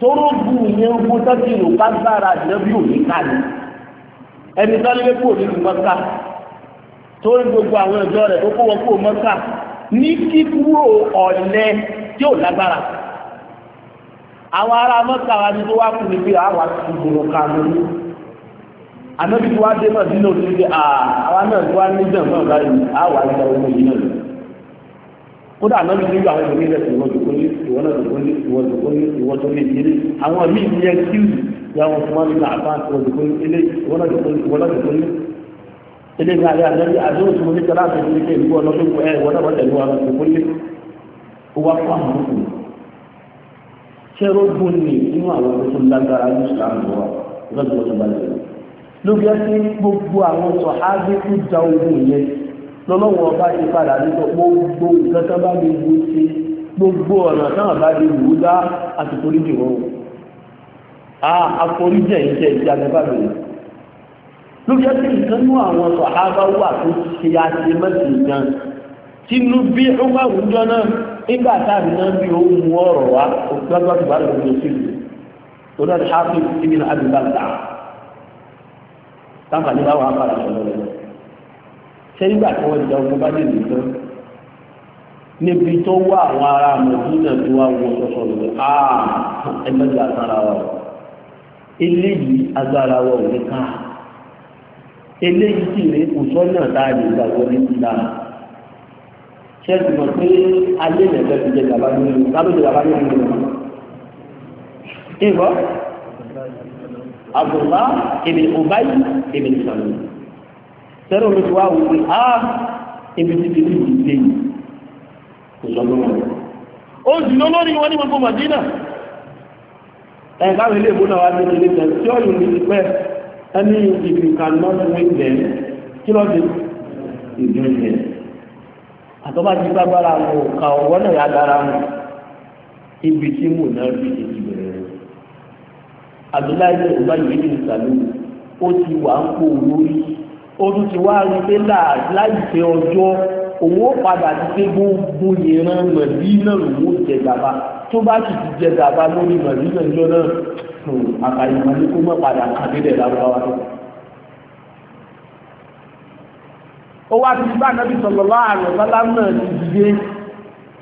torógù yẹn ń bó sẹ́kìrì kágbára òní ẹni sálẹ́ kò ní mọ́ká torí gbogbo àwọn ẹ̀jọ́ rẹ̀ tó kó wọn kó mọ́ká ní kíkúrò ọ̀lẹ́ tí ò lágbára àwọn ará mọ́ká wa ni tó wá kú ni pé àwa ti gbòòrò tó wá dé náà sínú òṣèlú náà tó wá ní yìí àwa òun yìí náà kódà lọ́nà nílò àwọn ìlú nílẹ̀ ìwọ jòkóní ìwọ náà jòkóní ìwọ jòkóní ìwọ tó lè yéré àwọn míì ní ẹkíùsì ya wọn fún wọn nínú àbá ìwọ jòkóní ilé ìwọ náà jòkóní ìwọ náà jòkóní ilé ní alẹ́ alẹ́ àdéhùn tí mo ní kẹlá àti ìdílé ìlú ọlọ́dún ẹ ìwọ náà wọ́n tẹ̀lé wa jòkóní ó wá fún àwọn òkú ṣẹ́rọ́ gùn inú àwọn tó lágbára ní ìsìlámù lọ́dún lọ́lọ́wọ́ ọba ti padà nípa gbogbo nǹkan tán bá lè wú sí gbogbo ọ̀nà táwọn bá lè wú dá àtìforíjì wọn a àforíjì ẹ̀yìn jẹ́ ìdí abẹ́ bàbá rẹ̀ lórí ẹsẹ̀ nǹkan nú àwọn sọ̀hábà wà tó ṣe àṣe mẹ́sìn gan tinú bí ọgbà àwùjọ náà nígbà táàbí náà bí ó mú ọ̀rọ̀ wá òkúta tó bá lè wú sí ìlú tó náà ṣáàpì ìbí náà àbí bá ń ta táǹkà ní báwọn á padà sọ̀rọ̀ rẹ̀ sẹ́yìngbà tí wọ́n jẹ ogun bá lè lè tán níbi tó wá àwọn ará mọ̀túnà tó wá wọ sọ̀sọ̀ lọ́wọ́ áà ẹgbẹ́jọ àtàrà wa o eléyìí agbára wa ò ní ká eléyìí sì rèé kò sọ́nà tá a lè gbà wọlé sí i lára ṣẹ́ẹ̀tì mọ̀ pé alẹ́ nẹ̀fẹ́ ti jẹ gàba nínú lábẹ́ jẹ gàba nínú rẹ̀ ìwọ Abdullah èmi Ubayi èmi Sàlùmí tẹ́lẹ̀ omi ti wá wò pé á ah, ibi tí bíbí yìí dé yìí kò sọ pé wọn. ó sì lọ lórí wọn ní gbogbo Madina ẹ̀ káwọn ilé ìbò náà wá ní ilé ìtẹ̀ tí ọ̀yọ́ mi ti pẹ́ ẹni ìbí kan náà wí bẹ́ẹ̀ kí lọ́ọ́ di ìdúró yẹn àtọ́bá ti gbàgbára mọ̀ ọ̀ka ọ̀wọ́ náà yà dára mọ̀ ibi tí mò ń rí èyí bẹ̀rẹ̀ Abdullahi ní ọba yìí ní ìsàlù ó ti wà ń kó olórí ojú ti wá rí pé láìpẹ́ ọjọ́ òun ó padà ti pé gbogbo ìran mọ̀dínà lòun ó jẹ gàba tó bá sì ti jẹ gàba lórí mọ̀dínà ìjọ náà àkàyèmọ̀ ní kó mọ̀ padà kàdédè lábúráwá tó. ó wá ti bá nàbí sọlọ́lá àrùnbálá náà ti dìde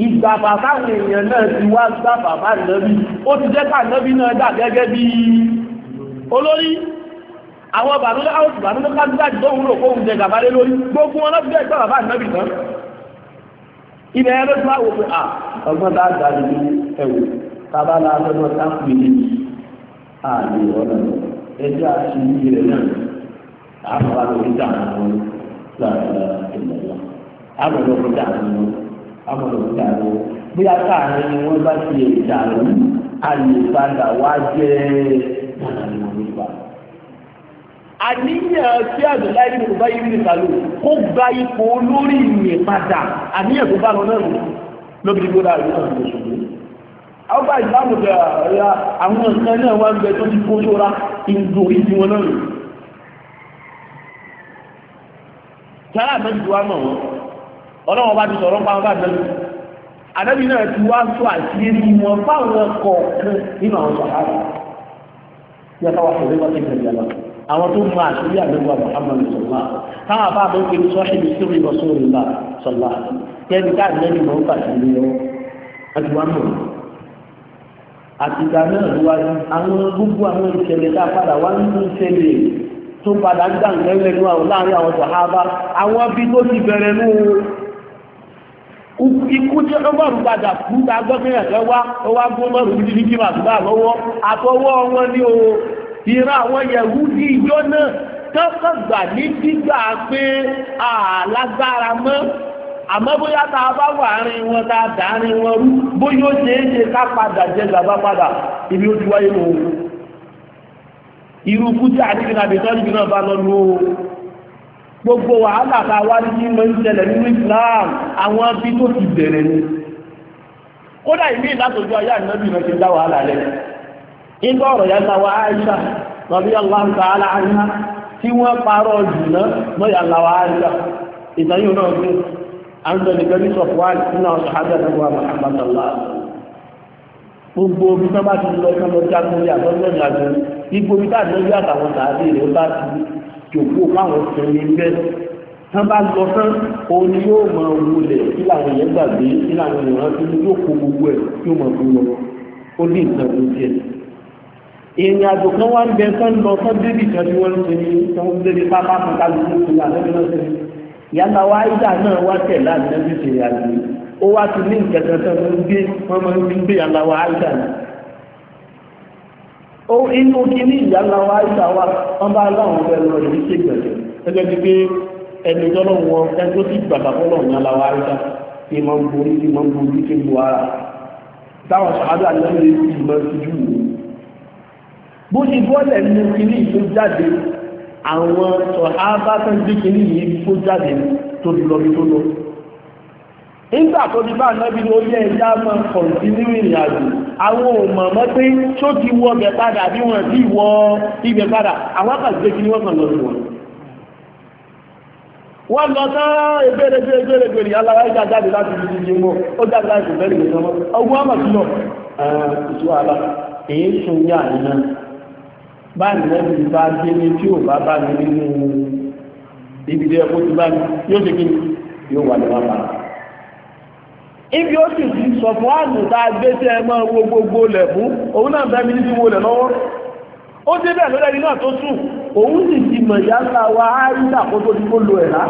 ìgbà bàbá èèyàn náà ti wá gbà bàbá nàbí ó ti jẹ́ ká nàbí náà dà gẹ́gẹ́ bí olórí àwọn bàbá àwọn bàbá kájúdájú tó ń rò kó ń jẹ gàba lé lórí gbogbo wọn lọ́dún ẹgbẹ́ bàbá ànábì tán ibẹ̀ ẹ ló tún àwọn òfin à ọgbọ́n tá a gbà ní ẹ̀wò tábà náà lọ́dún tá a pè é àlè ọ̀nà ẹjọ́ àti ìrẹ̀ náà àwọn bàbá lórí dà wọn lára ìmọ̀lá àwọn lórí dà wọn àwọn lórí dà wọn bí a káàárín ni wọ́n bá ti dà wọn àlè padà wá jẹ́ nàlàyé wọn nípa àníyàn sí àdúrà ìlú kò bá yí ní ìsàlù kó gba ipò olórí ìyẹn padà àníyàn tó bá lọ náà nù lóbi dìbò dáa ìlú náà lóṣù àwọn bá ìsìlámù bẹ ọ̀yà àwọn nǹkan náà wá ń bẹ tó ti kó sóra ìdò ìdí wọn náà nù. sára àtẹ́jú wa mọ̀ wọ́n ọlọ́wọ́n bá ti sọ̀rọ̀ ń pa wọn bá àtẹ́jú àtẹ́jú náà ti wá sọ àṣírí wọn fáwọn kọ̀ọ̀kan nínú àwọn sọ̀rọ̀ àwọn tó mọ àṣírí àdúgbò Muhammadu sọlá táwọn àbá àbọ̀ pé sọ́ọ̀ṣì mi sí ìrìbọ̀ sórí ìlà sọlá kẹ́ni káàdì lẹ́nu mọ̀ ń pàṣẹ ní lọ àti wá mọ̀ àtìgbà náà ló wá àwọn gbogbo àwọn ìṣẹ̀lẹ̀ tá a padà wá ń tún ṣẹlẹ̀ tó padà ń gbàǹgbẹ́ lẹ́nu àwọn láàrin àwọn sàhábà àwọn bí tó ti bẹ̀rẹ̀ nù ikú tí ọmọrù padà kú tá gbọ́ pé ẹ̀fẹ́ wá ó wá gbọ́ mọ́rù dídí kí màtúbà lọ́wọ́ àtọwọ́ wọn ní o ìran àwọn yẹ̀wúdí ìjọ náà kọ́kọ́ gbà ní gbígbà pé àlágbára mọ́ àmọ́ bóyá tá a bá wà rìn wọn tá a dà rìn wọn rú bóyá ó ṣe é ṣe ká padà jẹ gàba padà ibi ó ti wáyé mọ́ o irú kú tí àdébí nàbí tọ́líbi náà bá lọ lò ó gbogbo wàhálà tá a wá ní kí mọ́ ń ṣẹlẹ̀ nínú Islam àwọn bí tó ti bẹ̀rẹ̀ ni kódà ìmí ìlàtọ̀jú ayé ànábì náà ti dá wàhálà lẹ́yìn nígbà ọrụ yẹn ta wa Aisha rọ̀bí aláǹkà aláǹkà tí wọ́n parọ́ jùlọ lọ́yà làwọn Aisha ìtàyìn náà gbé àǹtọ̀nì gẹ́gẹ́ sọ̀fù wa nínú àwọn sàhábà náà wà mọ̀hámàdàlá gbogbo omi tó bá ti gbogbo tán bá lọ tán òun ni yóò wulẹ̀ èèyàn gbàgbé èèyàn yóò kó gbogbo ẹ̀ fún lọ ìrìn àjò kan wá ń bẹ sán lọ sán débì kan tí wọ́n ń ṣe ní sọ́wọ́n débi pápá kan ká lóṣù tó là lọ́dún náà sẹ́yìn ìyáta wa ayíjà náà wá tẹ̀ láti lẹ́bí ṣe ìrìnàjò yìí ó wá ti ní ìkẹsẹ̀ sẹ́ wọ́n gbé wọ́n máa ń gbé ìyáta wa ayíjà ni. ó inú kíní ìyáta wa ayíjà wa wọ́n bá láwọn ọ̀fẹ́ lọ ìlú ṣe gbẹ̀dẹ̀ gẹ́gẹ́ bí pé ẹni tọ́lọ́ wọn ẹni tó ti gbàgbà fọ́lọ́ ìyáta wa ayíjà ni máa ń borí ti máa ń borí ti ń bo ara táwọn sàádà ní bó ti bọ́lẹ̀ nínú kìíní tó jáde àwọn ọ̀hábá tó ń gbé kìíní yìí tó jáde tó ti lọ bí tó lọ nígbà tó ti bá anábì ní orí ẹja máa ń kọ̀ǹtì nínú ìrìn àjò àwọn òmò mọ́ pé tó ti wọ ọbẹ̀ padà bí wọ́n ti wọ ibẹ̀ padà àwọn àkàtúndé kìíní wọ́n kàn lọ sí wọn wọ́n lọ tán ebèrèbè ebèrèbèrè alára ìjà jáde láti ibi jíjẹ mọ́ ó jáde láti ìbẹ̀rẹ̀ ìgbésẹ̀ mọ́ ọgbọ́n àmọ̀ sílọ̀ ẹ̀ẹ́dùn àlà bá nẹ́bí bá dé ní tí ò bá bá mi nínú ibi tí ẹkọ ti bá mi yóò ṣe kí ni yóò wà lọ́wọ́ bá mi. ibi ó sì ti sọ fún àgùn tá a gbé sí ẹ máa wo gbogbo lẹ̀ fún òun náà bẹ́ẹ̀ mi ní ti wo lẹ̀ lọ́wọ́ ó dé bẹ́ẹ̀ lọ́dẹ̀ nínú àtúntún òun sì ti mọ̀ ìyá ńlá wa áyíṣà kó tó ti kó lo ẹ̀rá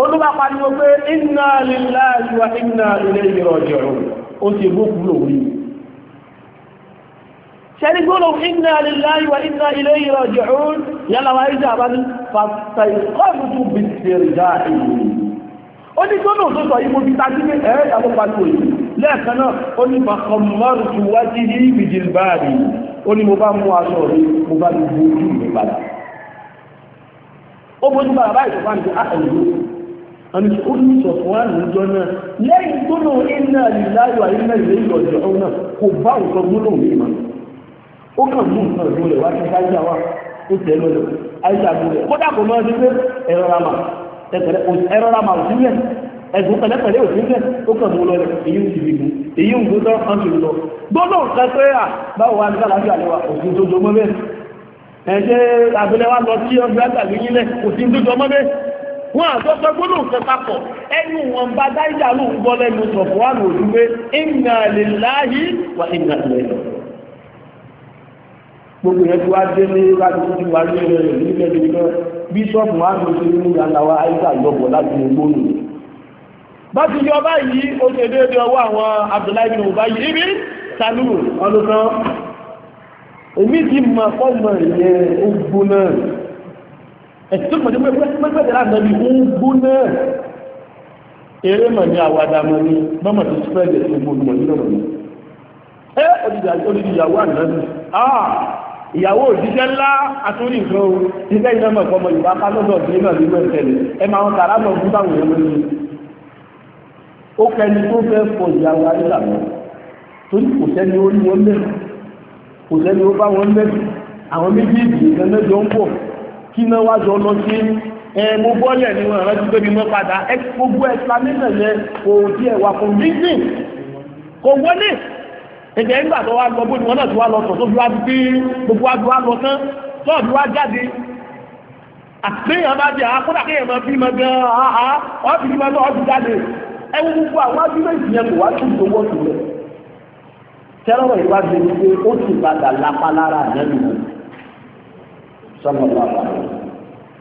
olúwa pariwo pé inna lillahi wa inna ilayhi raji'un ó ti gbókùú lòun yìí sẹ́ni gbọ́dọ̀ inna lillahi wa inna ilayhi raji'un yálà wáyé jẹ́ àbá ní fàtà ìkọ́ọ̀tù bí tèrè dáàbì ó ní gbọ́dọ̀ tó sọ yìí mo fi tají pé ẹ̀ ẹ̀kọ́ pariwo yìí lẹ́ẹ̀kan náà ó ní fàkọ̀mọ́rù tó wájú ní ìbìjì báàbì ó ní mo bá mú aṣọ rẹ̀ mo bá mi bu ojú mi padà ó bójú padà báyìí tó bá mi á àmì ó ní sọ̀tún wà lójọ́ náà lẹ́yìn gbọ́dọ̀ inna lillahi wa inna ilayhi raji'un náà kò bá òkò gbọ́dọ̀ mi mọ́ ó kàn mú nǹkan ìlú rẹ̀ wá sí sáyà wa ó tẹ̀ lọ́lọ́ àyíṣà ìlú rẹ̀ kódà kò máa ṣe pé ẹ̀rọ ra mà ẹ̀rọ ra mà ò sí lẹ̀ ẹ̀sùn pẹ̀lẹ́pẹ̀lẹ́ ò sí lẹ̀ ó kàn mú lọ́lẹ̀ èyí ti fi gùn èyí ń gbóná kan sì lọ gbóná nǹkan pé à báwo wá ní kálàáfíà lẹ́wà òfin tó jọmọ́ bẹ́ẹ̀ ẹ̀ṣẹ́ àbẹ̀lẹ̀ wa lọ sí ọjọ́ àgbàgbé yín lẹ̀ òfin tó jọmọ́ bẹ́ẹ̀ wọn àtọ́tọ́ gbọ́dọ̀ nǹkan papọ̀ ẹnu wọn bá dáìjà ló ń gbọ́ lẹ́nu sọ̀fọ́ àrùn òdúgbé inna lillahi wa inna ilaihi gbogbo yẹn tí wàá dé ní láti fi wá ní ilé rẹ̀ nílẹ̀ ní iná bíṣọ̀pù wa ló ti ní ìyànnáwá àyíká yọ̀bọ̀ láti mú gbóòrò. bá ti yọ báyìí ó ṣe déédé ọwọ́ àwọn Abdullahi bin Ubayi ibi salu ọlọ́sàn èmi ti mọ fọ́ọ̀mù yẹn ó gbóná ẹ̀sìn tó mọ̀ ní pẹ́pẹ́pẹ́ láti nàbí ó gbóná eré mọ̀ ní àwàdà mọ̀ ní bọ́mọ̀ ti spread ẹ̀ tó gbóná mọ̀ nínú mọ̀ ní. ẹ odidi ìyàwó àná ìyàwó òjíṣẹ́ ńlá àtúrí nǹkan o iṣẹ́ iná mọ̀ ọmọ yorùbá ká lọ́dọ̀ sí náà nínú ìtẹ̀lẹ̀ ẹ máa ń tàrà mọ̀ fún táwọn èèyàn lórí ó kẹni tó fẹ́ fọ ìyàwó ayélujára lọ torí kò sẹ́ni ó ní wọn lẹ́nu kò sẹ́ni ó bá wọn lẹ́nu àwọn méjèèjì ìgbẹ́ mẹ́jọ ń pọ̀ kí náà wá jọ lọ sí ẹ mo bọ́lẹ̀ ni wọn rántí ẹ̀jẹ̀ ńgbà tó wá lọ bóni wọn náà tó wá lọ sọ tó fi wá bí gbogbo wa wá lọ tán tọ́ọ̀ fi wá jáde àtìlẹ́yìn bá jẹ́ àkọ́dà ah, kéèyàn máa bí máa gan àá ah, ah, ọ́fì bí máa lọ ọ́fì jáde ẹwú gbogbo àwọn abúlé ìyẹn kò wá sí ìdòwò ìlẹ̀ tẹ́lọ̀rọ̀ ìwádìí ni pé ó sì padà lápá lára àjẹ́lù sọ́nà bàbá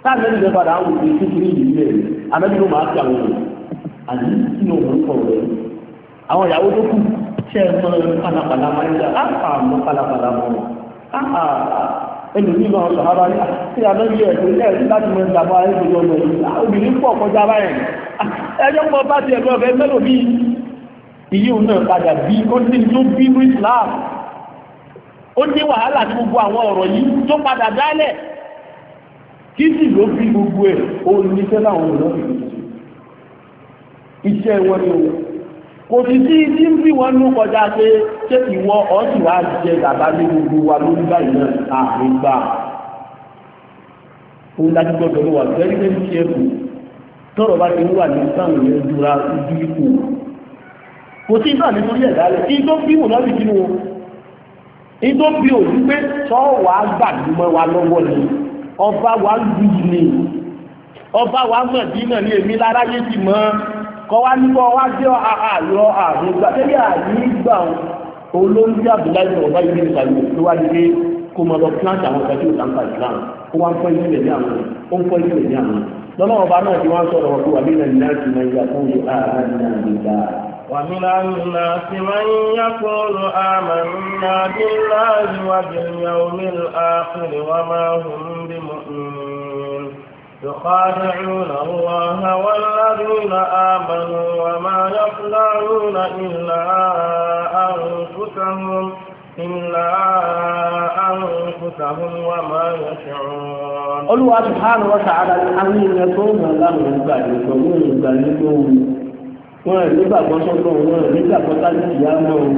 táàmì ẹni lè padà àwọn òbí kékeré yìí lẹ̀ àmẹ́bí ló máa fi àwọn òbí àti ṣe é mọ palapala máa ń yà á kà mọ palapala mọ á kà ẹlòmíràn ọ̀sán ara rẹ̀ àti àlọ́yẹ̀ ẹ̀kọ́ ilé ẹ̀rí láti mọ ìdààmú ayé ìlú ọmọ yìí obìnrin pọ̀ kọjá báyẹn ẹjọ́ pọ̀ bá ti ẹ̀gbọ́n ọ̀fẹ́ mẹ́lòmí ìyí òun náà padà bí ó ti tó bí Islam ó ní wàhálà tí gbogbo àwọn ọ̀rọ̀ yìí tó padà dálẹ̀ kí sì ló fi gbogbo ẹ̀ òun níṣẹ́ láwọn olùdókòwò iṣẹ́ wọn ni òun kò sì sí ibi ń bí wọn nú kọjá pé ṣé ìwọ ọtí wàá jẹ bàbá ní gbogbo wa lórí báyìí náà àárín gbà òun dájú gbọ́dọ̀ ló wà very very careful tọrọ bá ti ń wà ní sáwọn yẹn dúra ojú ipò kò sí ìgbà nítorí ẹ̀dá rẹ̀ kí tó bí wọn lọ́bì kínú wọn kí tó bí òjú pé tọ́ wàá gbàdúmọ̀ wa lọ́wọ́ ni ọba wa lù ní ọba wa mọ̀ dínà ní èmi láráyé ti mọ́ ọ́ kọ́ wá nípa wá jẹ́ àárọ̀ àrùn gbà tẹ́lẹ̀ àní gbà olóńgbé abdullahi ní ọba yìí ní ìsàlẹ̀ tó wá dé kó mọ lọ plant àwọn ìgbà tí ó sàǹfà islam ó wá ń fọ́ ilé ní àwọn ó ń fọ́ ilé ní àwọn lọ́nà ọba náà ti wá ń sọ̀rọ̀ wọn kó wà nínú ìlànà ìlànà ìgbà fún ìlú ah, àárín náà nígbà. ومن الناس من يقول آمنا بالله وباليوم الآخر وما هم بمؤمنين يخادعون الله والذين آمنوا وما يخدعون إلا أنفسهم إلا أنفسهم وما يشعرون قل سبحانه وتعالى الأمين يكون الله من بعد يكون يكلمون wọn nígbàgbọ́ sọ́dọ̀ wọn nígbàgbọ́ sáré ìyá wọn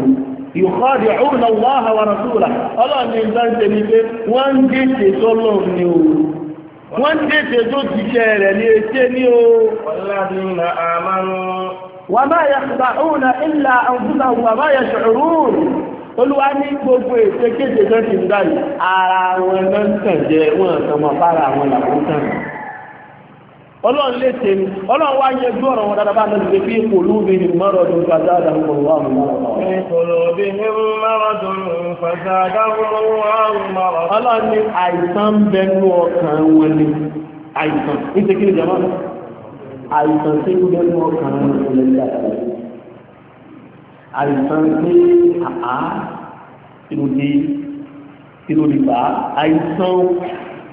يخادعون الله ورسوله ọlọ́run ní ìgbà ń tẹ̀lé pé wọ́n ń gé tètè sọ́lọ́run o wọ́n tètè tó ti ṣe rẹ̀ ní etí ní o. ọ̀làdínlá àmánú. wà má yẹ kúta òun náà ìlà àǹfùsà wà má yẹ ṣòro. olúwa ní gbogbo ètò kéde tó ti ń dá yìí. ara wọn náà ń tàn wọn kàn máa àwọn làwọn ọlọ́run lè ṣe ni ọlọ́run wá yẹjú ọ̀rọ̀ wọn dáadáa bá lọ sí pé pòlú bí ní mọ́rọ̀dún fàzádà ń bọ̀ wá mú ọlọ́run ní àìsàn bẹnu ọkàn wọn ni àìsàn ní ṣe kí ni jama àìsàn tí ń bẹnu ọkàn wọn ni lè dà àìsàn tí àá kí ló bá àìsàn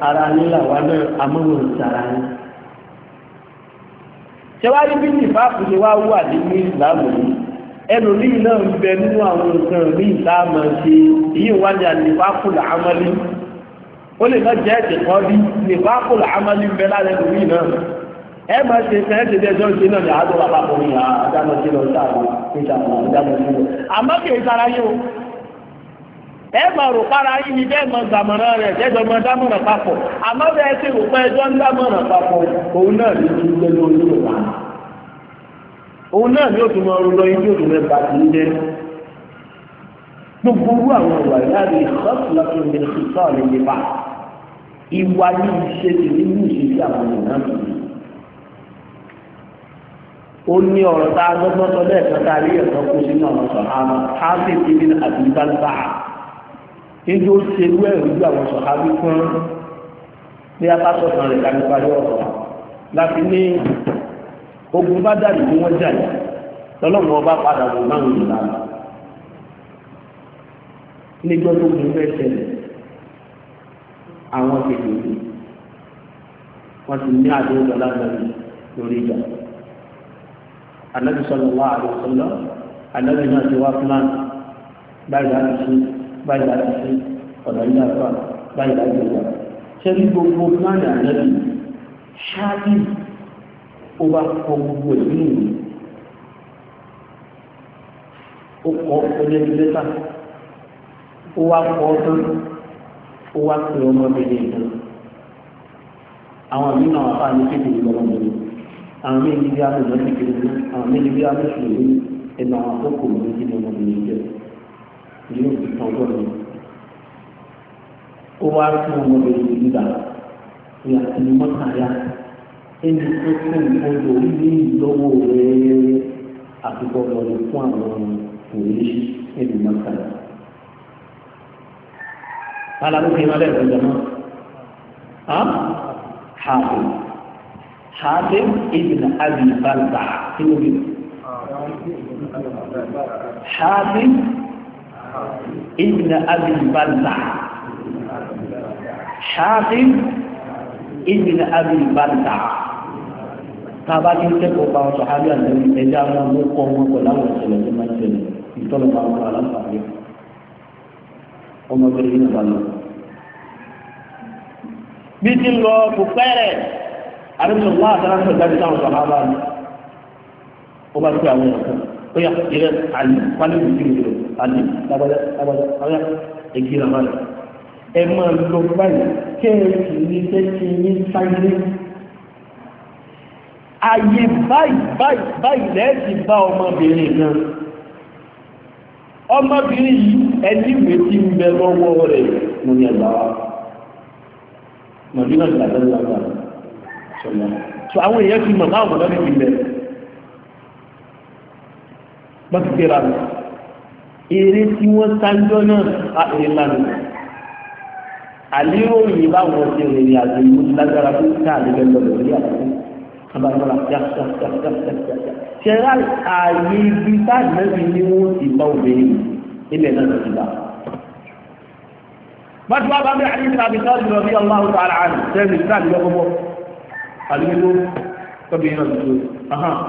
ara yín làwa náà amóhùn ìtara yín. ṣẹ́wájú bí tìfáàfù ṣe wá wà nínú ìsìlámù yìí ẹnu ní iná ń bẹ nínú àwọn nǹkan ní ìsìlámù ṣe èyí wá ní àlìfáàfù làámọ́lé ó lè má jẹ́ ẹ̀sìn kan rí nìfáàfù làámọ́lé ń bẹ lálẹ́ nínú iná ẹ má ṣe fẹ́ ṣe dẹ́jọ́ ṣe náà ní àádọ́ àpapọ̀ ní àádọ́ àdámọ́ lọ sáà ní ìtàkùn àdámọ́ sí lọ àmọ́ kì í sára yín o. e mọ̀ rò para yín ni bẹ́ẹ̀ mọ̀ gbàmọ̀ràn rẹ̀ jẹ́jọ́ mọ̀ dámọ̀ràn papọ̀ àmọ́ bẹ́ẹ̀ ti rò pé ẹjọ́ ń dámọ̀ràn papọ̀ òun náà ló ti lórí wá. òun náà mọ ọrùn lọ yín bá ti gbogbo owó àwọn ní ìsọ̀ ní ìwà ní ìṣe ti àwọn náà ó ní ọ̀rọ̀ tá a kéjó ṣe wú ẹ̀rù ju àwọn sọ̀hábí fún ní apásọ̀tàn rẹ̀ ká nípa yọ̀ ọ̀rọ̀ láti ní ogun bá dàbí bí wọ́n jàyà lọ́lọ́run ọba padà wò láwọn ìlú náà níjọ́ tó gun fẹ́ ṣẹlẹ̀ àwọn kékeré wọ́n ti ní àdéhùn lọ́la lórí lórí ìjà anabi sọlọ wa àdéhùn sọlọ anabi náà ti wá fúlàn báyìí láti sùn báyìí láti ṣe ọ̀nà ilé àfà báyìí láti ṣe ṣe ní gbogbo pláàni àjẹ́bí ṣáàbí ó bá kọ gbogbo ẹ̀ nínú ìlú ó kọ ọlẹ́bí lẹ́tà ó wá kọ ọdún ó wá pè ọmọbìnrin ìlú àwọn mìíràn àfà ní kékeré lọ́wọ́ àwọn méjì bí a lè lọ sí kiri àwọn méjì bí a lè ṣe ìlú ẹnu àwọn àkókò méjì ní ọmọbìnrin yóò fi tán lọ́nà ó wá fún ọmọbìnrin yìí gbà ní àtìmọ́ àyà ẹni tó fún ìfọdù orílẹ̀ ìlọ́wọ́ rẹ̀ àtúbọ̀ lọ́nà fún àwọn òye ẹni mọ́tàlá. Alábùkún ìmọ̀lẹ́ ìgbàgbọ́ náà. Hàbẹ̀ Hàbẹ̀ ibn Abi Balba kí ló bí? Hàbẹ̀ ibn abi balta ṣáàfin ibn abi balta tába ní kẹ́kọ̀ọ́ bá wọn sọ̀hábí àtẹ̀wé ẹ̀jẹ̀ àwọn ọmọ kọ́ wọn pẹ̀lú àwọn ìṣẹ̀lẹ̀ tó máa ń ṣẹlẹ̀ ìtọ́lọ̀ bá wọn aláǹfààní ọmọbìnrin yìí nìkan lọ. bí ti ń lọ kò pẹ́rẹ̀ àdébùsọ̀ wọn àtàrà ń sọ̀tà nípa àwọn sọ̀hábà ni ó bá tó àwọn ọ̀kan ó yà ìrẹ́ àlè wálé ìdílé rẹ̀ àti lágbájá lágbájá ọ̀yá èkì ìlànà rẹ̀. ẹ máa lọ báyìí kẹ́ẹ̀kì ní tẹ́tí ní sáyé. ààyè báyìí báyìí báyìí lẹ́ẹ̀kì bá ọmọbìnrin náà. ọmọbìnrin yìí ẹni ìwé ti ń bẹ lọ́wọ́ rẹ̀ mo ní ẹ̀gbá wa. mọ̀lúwà ìgbà tó ń lọ sọ̀rọ̀ tó àwọn èèyàn ti mọ̀ báwọn mọ̀lọ́bí ti bẹ̀. bá ti gbéra lọ eré tí wọ́n sájọ́ náà á eré lánàá àléròyìn báwọn ti rìnrìn àjò ìlú lágbára fún káàdì bẹ́ẹ̀ lọ́dọ̀ lórí àtúntò abàtọ́ra kíákíákíákíá ṣẹlá ààyè ibi táàdì mẹ́bí ni wọ́n ti bá obìnrin ilẹ̀ náà ti bá. bàtú bàbá mi àti ìsàbí sọ́ọ̀dì lọ bí ọlọ́wọ́ tó ara àná sẹ́yìn ìsìn àti lọ́kọ́bọ́ àlùmílò tọ́bìnrin náà tuntun.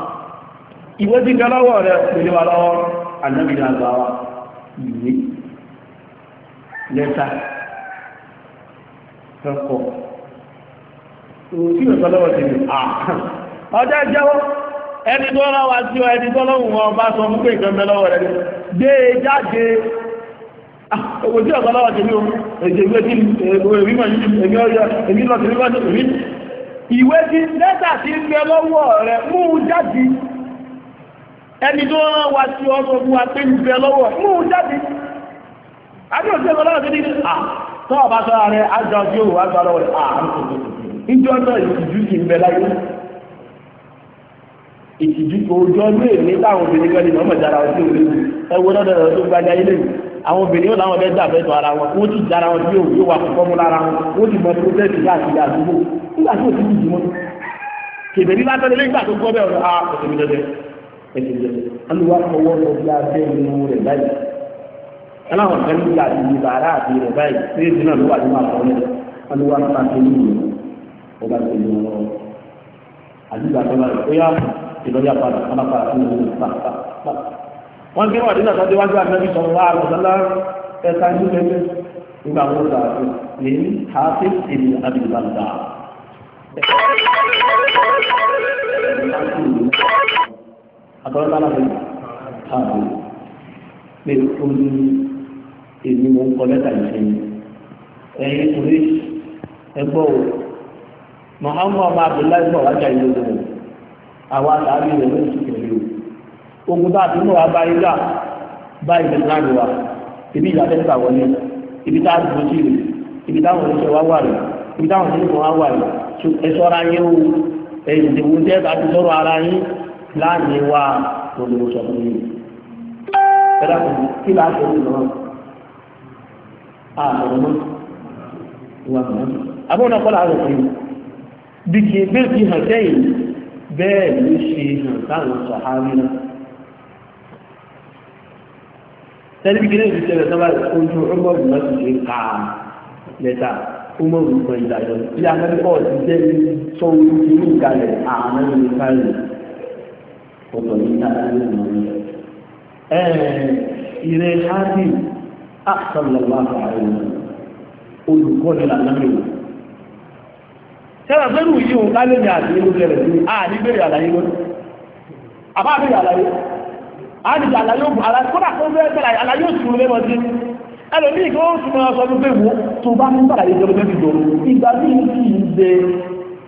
ìwé ti dán lọ́wọ́ rẹ̀ pèlè wa lọ́wọ́ ìwé lẹ́tà kọ́kọ́ òtí ìwé lọ́wọ́ ti lè ọjọ́ ìjẹ́wọ́ ẹni tó lọ́wọ́ àti ẹni tó lọ́wọ́ wọn bá sọ fún pé ìjọba lọ́wọ́ rẹ̀ gbé e jáde òtí ìwé lọ́wọ́ ti lè èdè ìwé tí èmi mọ̀ èmi ọ̀yọ́ èmi lọ́ọ̀tì èmi lọ́ọ̀tì èmi ìwé tí lẹ́tà ti ń bẹ lọ́wọ́ rẹ̀ mú jáde ẹni tó wọ́n wá sí ọ̀sọ̀ fún wa pé ń bẹ lọ́wọ́ mú un jáde àbí òsì ẹ̀kọ́ lọ́wọ́ síbi ní à tó ọba sọ ààrẹ àjọ tí ó wà gbà lọ́wọ́ rẹ̀ à ìjọ náà ìtìjú kì í bẹ láyé ìtìjú kò jọ ní èmi táwọn obìnrin kan ní mọ́mọ́ jára ọtí òwe ẹ wo lọ́dọ̀ rẹ̀ tó gbajà ilé yìí àwọn obìnrin náà wọn bẹ dà fẹ́ tọ́ ara wọn wọ́n ti jára wọn tí yóò wà fún fọ́mú lára wọn wọ́n ti mọ pírọ́tẹ́ẹ̀tì káàkiri àdúgbò nígbà tí òsì ti dì mọ́ kèbèrè látọ̀ lé nígbà tó gbọ́ bẹ́ẹ̀ ọ̀rọ̀ a òsì mi ẹ̀dẹ̀dẹ̀ alùwà ọwọ́ ọbí abẹ́ inú rẹ̀ báyìí aláwọ̀ kan ní ìlà àti ìbára àti rẹ̀ báyìí tí èdè náà ló wà nínú àkọ́ rẹ̀ alùwà kan tó ní ìlú ọba tó ní ọ̀rọ̀ àdúgbò àtọ́lá rẹ̀ ó yá ìlọ́yà padà alápàdà tó ní ìlú pàápàá. wọ́n gbé wà nínú àtọ́jú wájú àmẹ́bí sọ̀rọ̀ wá àlọ́sálá ẹ̀ka ní lẹ́gbẹ́ nígbà wọn gbà ní hafi ìlú àbí àtọ́rọ́ tálà fún ààbò pé ó ní èmi mò ń kọ lẹ́tà yìí fún mi ẹ̀yin kùrí ẹgbọ́ o Muhammad ọmọ Abdullahi bọ̀ wájà ìlú òun àwa àtàbí rẹ̀ ló ń sùn pẹ̀lú ogun tá a ti mú bá ilé à bá ilé láàrin wa ibi ìyàtẹ̀ ta wọlé ibi tá a dùn sí rè ibi táwọn oníṣẹ́ wa wà rè ibi táwọn oníṣẹ́ wa wà rè ẹ ṣọ́ra yín o ẹ̀yìn ìdìbò tẹ́ ẹ bá ti sọ̀rọ̀ ara yín láàmì wa tó lè sọ fún mi ẹ̀rọ kò kí láà ṣe lọ àmọ̀ mọ́ ìwà mọ́ àbọ̀nà kọ́lá rẹ̀ fún mi bí kì í bẹ́ẹ̀ fi hàn sẹ́yìn bẹ́ẹ̀ ló ṣe hàn sáwọn sọ̀hárí náà tẹ́lifí kí ní ìlú tẹ́lẹ̀ sábà ojú ọmọ ìgbà tó ṣe ká lẹ́tà ọmọ ìgbà ìdájọ́ ilé anábíkọ́ ọ̀sìn tẹ́lẹ̀ sọ ojú ìlú ìkàlẹ̀ àmọ́ ìlú ìkàlẹ̀ ọ̀tọ̀ ní káàkiri ìmọ̀ ní ẹ̀ ìrẹ̀ hádì àṣàlọ́wọ́ àfààrí olùkọ́ni lànàmì wò sẹ́wà pẹ́lú yìí òun ká lèmi àti ewu bẹ̀rẹ̀ sí àní bẹ̀rẹ̀ àlàyé lónìí àbá bẹ̀rẹ̀ àlàyé àti àlàyé òun àlàyé kódà kó bẹ́ẹ̀ bẹ̀rẹ̀ àlàyé òsùn lẹ́mọ̀ sí ẹlòmíì kí wọ́n sùn mọ́ ọ sọ pé wo tó bá ń bàlàyé jọ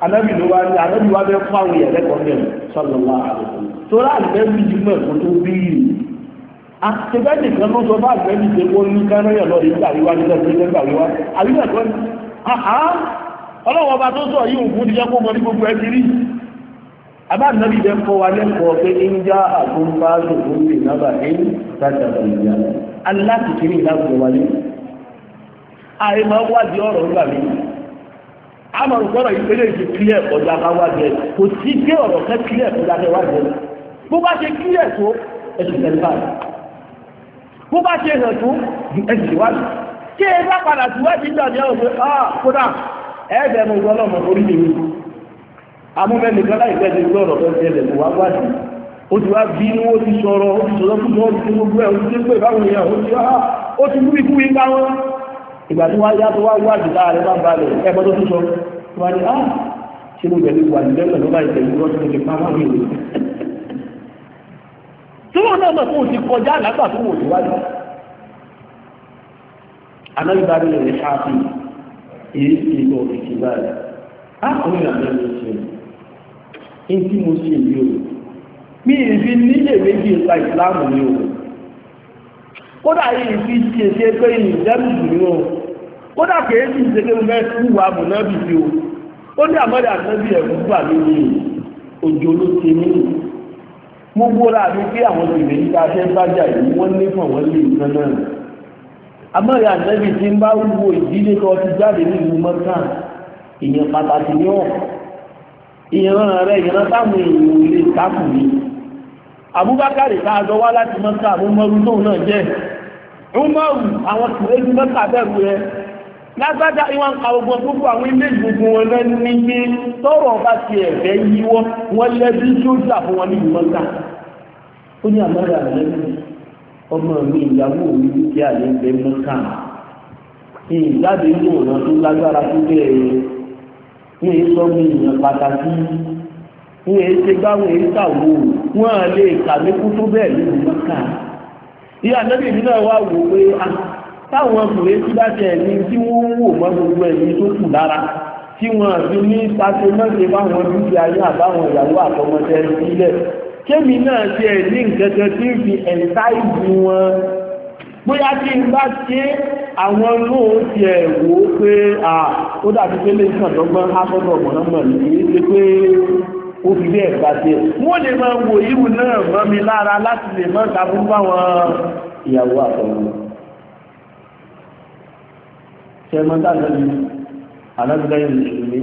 anabi ló wá ní anabi wá bẹ́ẹ̀ fún àwọn èèyàn lẹ́kọ̀ọ́ mẹ́rin sallallahu alaihi wasallam torí àgbẹ̀bí yìí mọ̀ ẹ̀kọ́ tó bíìrì àtẹ̀bẹ́ nìkan ló sọ fún àgbẹ̀bí pé wọ́n ní kárẹ́yà lọ rí gbàríwá ní ẹgbẹ́ tó gbàríwá àbílẹ̀ kọ́ ni ọlọ́wọ́ ọba tó sọ yìí òkú ti jẹ́ kó mọ ní gbogbo ẹ ti rí àbá nàbí jẹ́ kọ́ wa lẹ́kọ̀ọ́ pé ń já àtúnfà lòdùn sí nábà ní ìtajà ìyá aláàtìkiri ìlàgbọ̀ wa ní àìmọ̀ wádìí ọ̀rọ̀ nígbà mìíràn àmọ́ ìgbọ́rọ̀ ìpínlẹ̀ èdè clear kọjá káwájú ẹ̀ kò sí gbé ọ̀rọ̀ kẹ́ clear kọjá káwájú ẹ̀ bó bá ṣe clear tó ẹ̀sùn tẹ̀lé báyìí bó bá ṣe hàn tó ẹ̀sùn ìwádìí tí ẹ bá padà síwájú ìgbà ní ọ̀sẹ̀ ah kódà ẹ̀ẹ́dẹ̀ mo gbọ́ lọ́mọ orí mi wí amúmẹ́ni kan láìpẹ́ ti gbọ́rọ̀ tó ṣẹlẹ̀ kó wá wájú ó ti wá bínú ó ti sọ̀rọ̀ ó ti sọ̀rọ̀ fún ìgbà tí wọ́n yá tó wá wá jù láàrin bá ń balẹ̀ ẹgbẹ́ tó tún sọ wọ́n ní ah ṣe mo bẹ̀rù wà nílẹ̀ pẹ̀lú bá ìtẹ̀lú wọ́n ti fi pamọ́ mi rè tí wọ́n náà mọ̀ fún òsì kọjá àlágbà tó wò síwájú rẹ̀ ṣáàfì èyí ti lọ ìtì báyìí á ah, mi ṣe ní tí mo ṣe yìí o mi ì fi nílé méjì ìta ìsìláàmù kódà yìí fi ti èsè pé ìjẹ́bù jù ní o kódà kèé sì ṣe pé mo fẹ́ kú wa mọ̀ náà bìbí o ó ní àmọ́dé àtẹ́bí ẹ̀kú gbà mí ní òjò ló ti mí mo gbóra mi pé àwọn tèmi ń ta ṣe ń bájà yìí wọ́n ní fún àwọn ilé ìtàn náà àmọ́dé àtẹ́bí ti ń bá wo ìdílé kan ti jáde nílùú mọ́tà ìyẹn pàtàkì ní ọ̀ ìran rẹ ìran táwọn èèyàn ò lè dákùn Umaru àwọn tìrẹ́jì mẹ́ta bẹ̀rù rẹ̀ lágbájá ìwọ̀n ka gbogbo gbogbo àwọn ilé ìgbogbo wọn lẹ́ ní ní tọrọ bá ti ẹ̀fẹ́ yíwọ́ wọn lẹ́bí tí ó jà fún wọn ní ìmọ̀ta ó ní àmọ́ra rẹ̀ ọmọ mi ìyàwó mi kí àlẹ́ ìgbẹ́ mọ́ta ìjáde inú ọ̀nà tó lágbára tó bẹ̀rẹ̀ e. ní sọ mi ìyàn pàtàkì ní èsè báwọn èsàwò wọn lè kà kú tó bẹ́ẹ̀ ní ìmọ̀ta ìyá àtẹ́bí mi náà wá wò pé ah, táwọn ọkùnrin tí bá tẹ̀ ní tí wọ́n ń wò mọ́ gbogbo ẹ̀yìn tó kù lára tí wọ́n fi ní pàṣẹ mọ́ṣẹ́ báwọn dúkìá ayé àbáwọn ìyàwó àtọmọṣẹ́ sílẹ̀ kémi náà ṣe ní nǹkan kan tí ń fi ẹ̀ńtá ìbú wọn bóyá tí n bá ṣe àwọn náà ti ẹ̀ wò ó pé ah, ó dàbí pé lè ṣàdọ́gbọ́n á gbọ́dọ̀ mọ̀nàmọ̀ ní ṣe pé ó fi bẹ́ẹ̀ bá dé wọ́n lè máa wo irú náà mọ́ mi lára láti lè mọ́ ìtàkùn fáwọn ìyàwó àtọ̀wọ́. sẹ́mọ́ dáadáa ni alábìláyé mùsùlùmí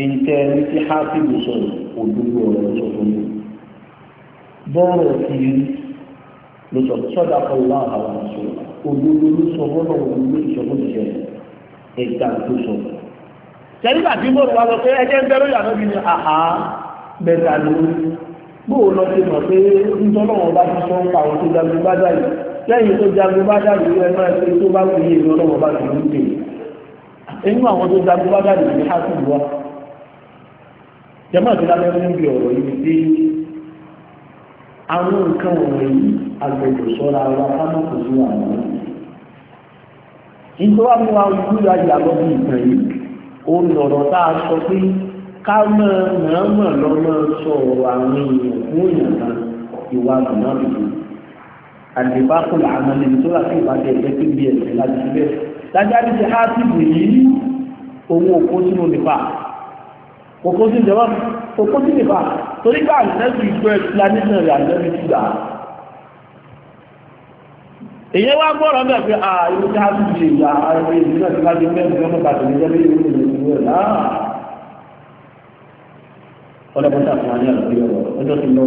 èyí tẹ́ ẹni tí hápìlì sọ̀rọ̀ òdúgbò ọ̀rọ̀ sọ fún mi. bọ́ọ̀rọ̀ ti rí ló sọ sọ́dà kan wá àwọn àṣọ òdúgbò ló sọ fọ́nà òdúgbò ìṣọ́fún ìṣẹ̀lẹ̀ ẹ̀ka tó sọ. sẹ́yìn bàtí mo rò wá lọ pé ẹjẹ́ ń bẹ́rù yàrá mi ni àhá bẹ́ta ni bóò lọ sí mọ̀ pé nítọ́lọ́wọ́n bá ti sọ ń pa àwọn tó jagun bá dà yìí lẹ́yìn tó jagun bá dà ẹ máa ṣe tó bá wù bá ti ń inú àwọn tó jagun bá ní ọ̀rọ̀ yìí pé àwọn nǹkan wọ̀nyí sọ́ra kò sí ká máa mọ̀ọ́mọ̀ lọ máa sọ ọ̀rọ̀ àwọn èèyàn fún èèyàn kan ìwà àgbọ̀nà bìbí àdìbá kò là àmọ́ níbi tó láti ìbàdí ẹ̀jẹ̀ tó bí ẹ̀jẹ̀ láti fi bẹ́ẹ̀ dájáde ti há sí ìbò yìí òun òkú sínú nípa òkú sínú ìjọba òkú sínú nípa torí pé àlẹ́bí ìgbọ́ explanation rẹ̀ àlẹ́bí ti gbà á èyí wá gbọ́rọ̀ bẹ́ẹ̀ pé à ìlú ti há sí ìbò yìí àwọn èèyàn ti mẹ́rin lọ́mọ́ bàtà níjẹ́ bí ìlú ìlú ìlú ìlú ọlọ́pọ̀tà fún wa ní àlọ́bí ọ̀rọ̀ ọjọ́ ti lọ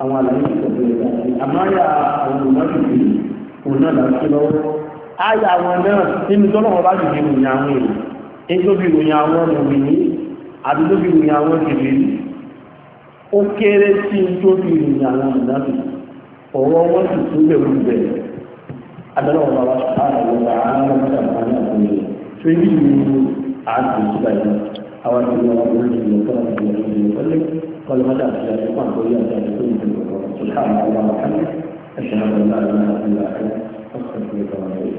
àwọn àlàyé ti pọ̀ lórí ìdájí àmáyà àwọn olùmọ́lùfì òun náà là ń lọ́wọ́ ayà àwọn náà nínú tọ́lọ́wọ́ bá dìde ìròyìn àwọn èèyàn ìròyìn àwọn ìròyìn àwọn ó kéré sí ìròyìn àwọn ọ̀rọ̀ wọn sì tún bẹ̀rù adọ́lọ́wọ́ bá wá حوالي الله وسلم وسلم قال ما دام يا شيطان قل يا سيدي كل سبحان الله وبحمده أشهد أن لا إله إلا أنت أستغفرك وأتوب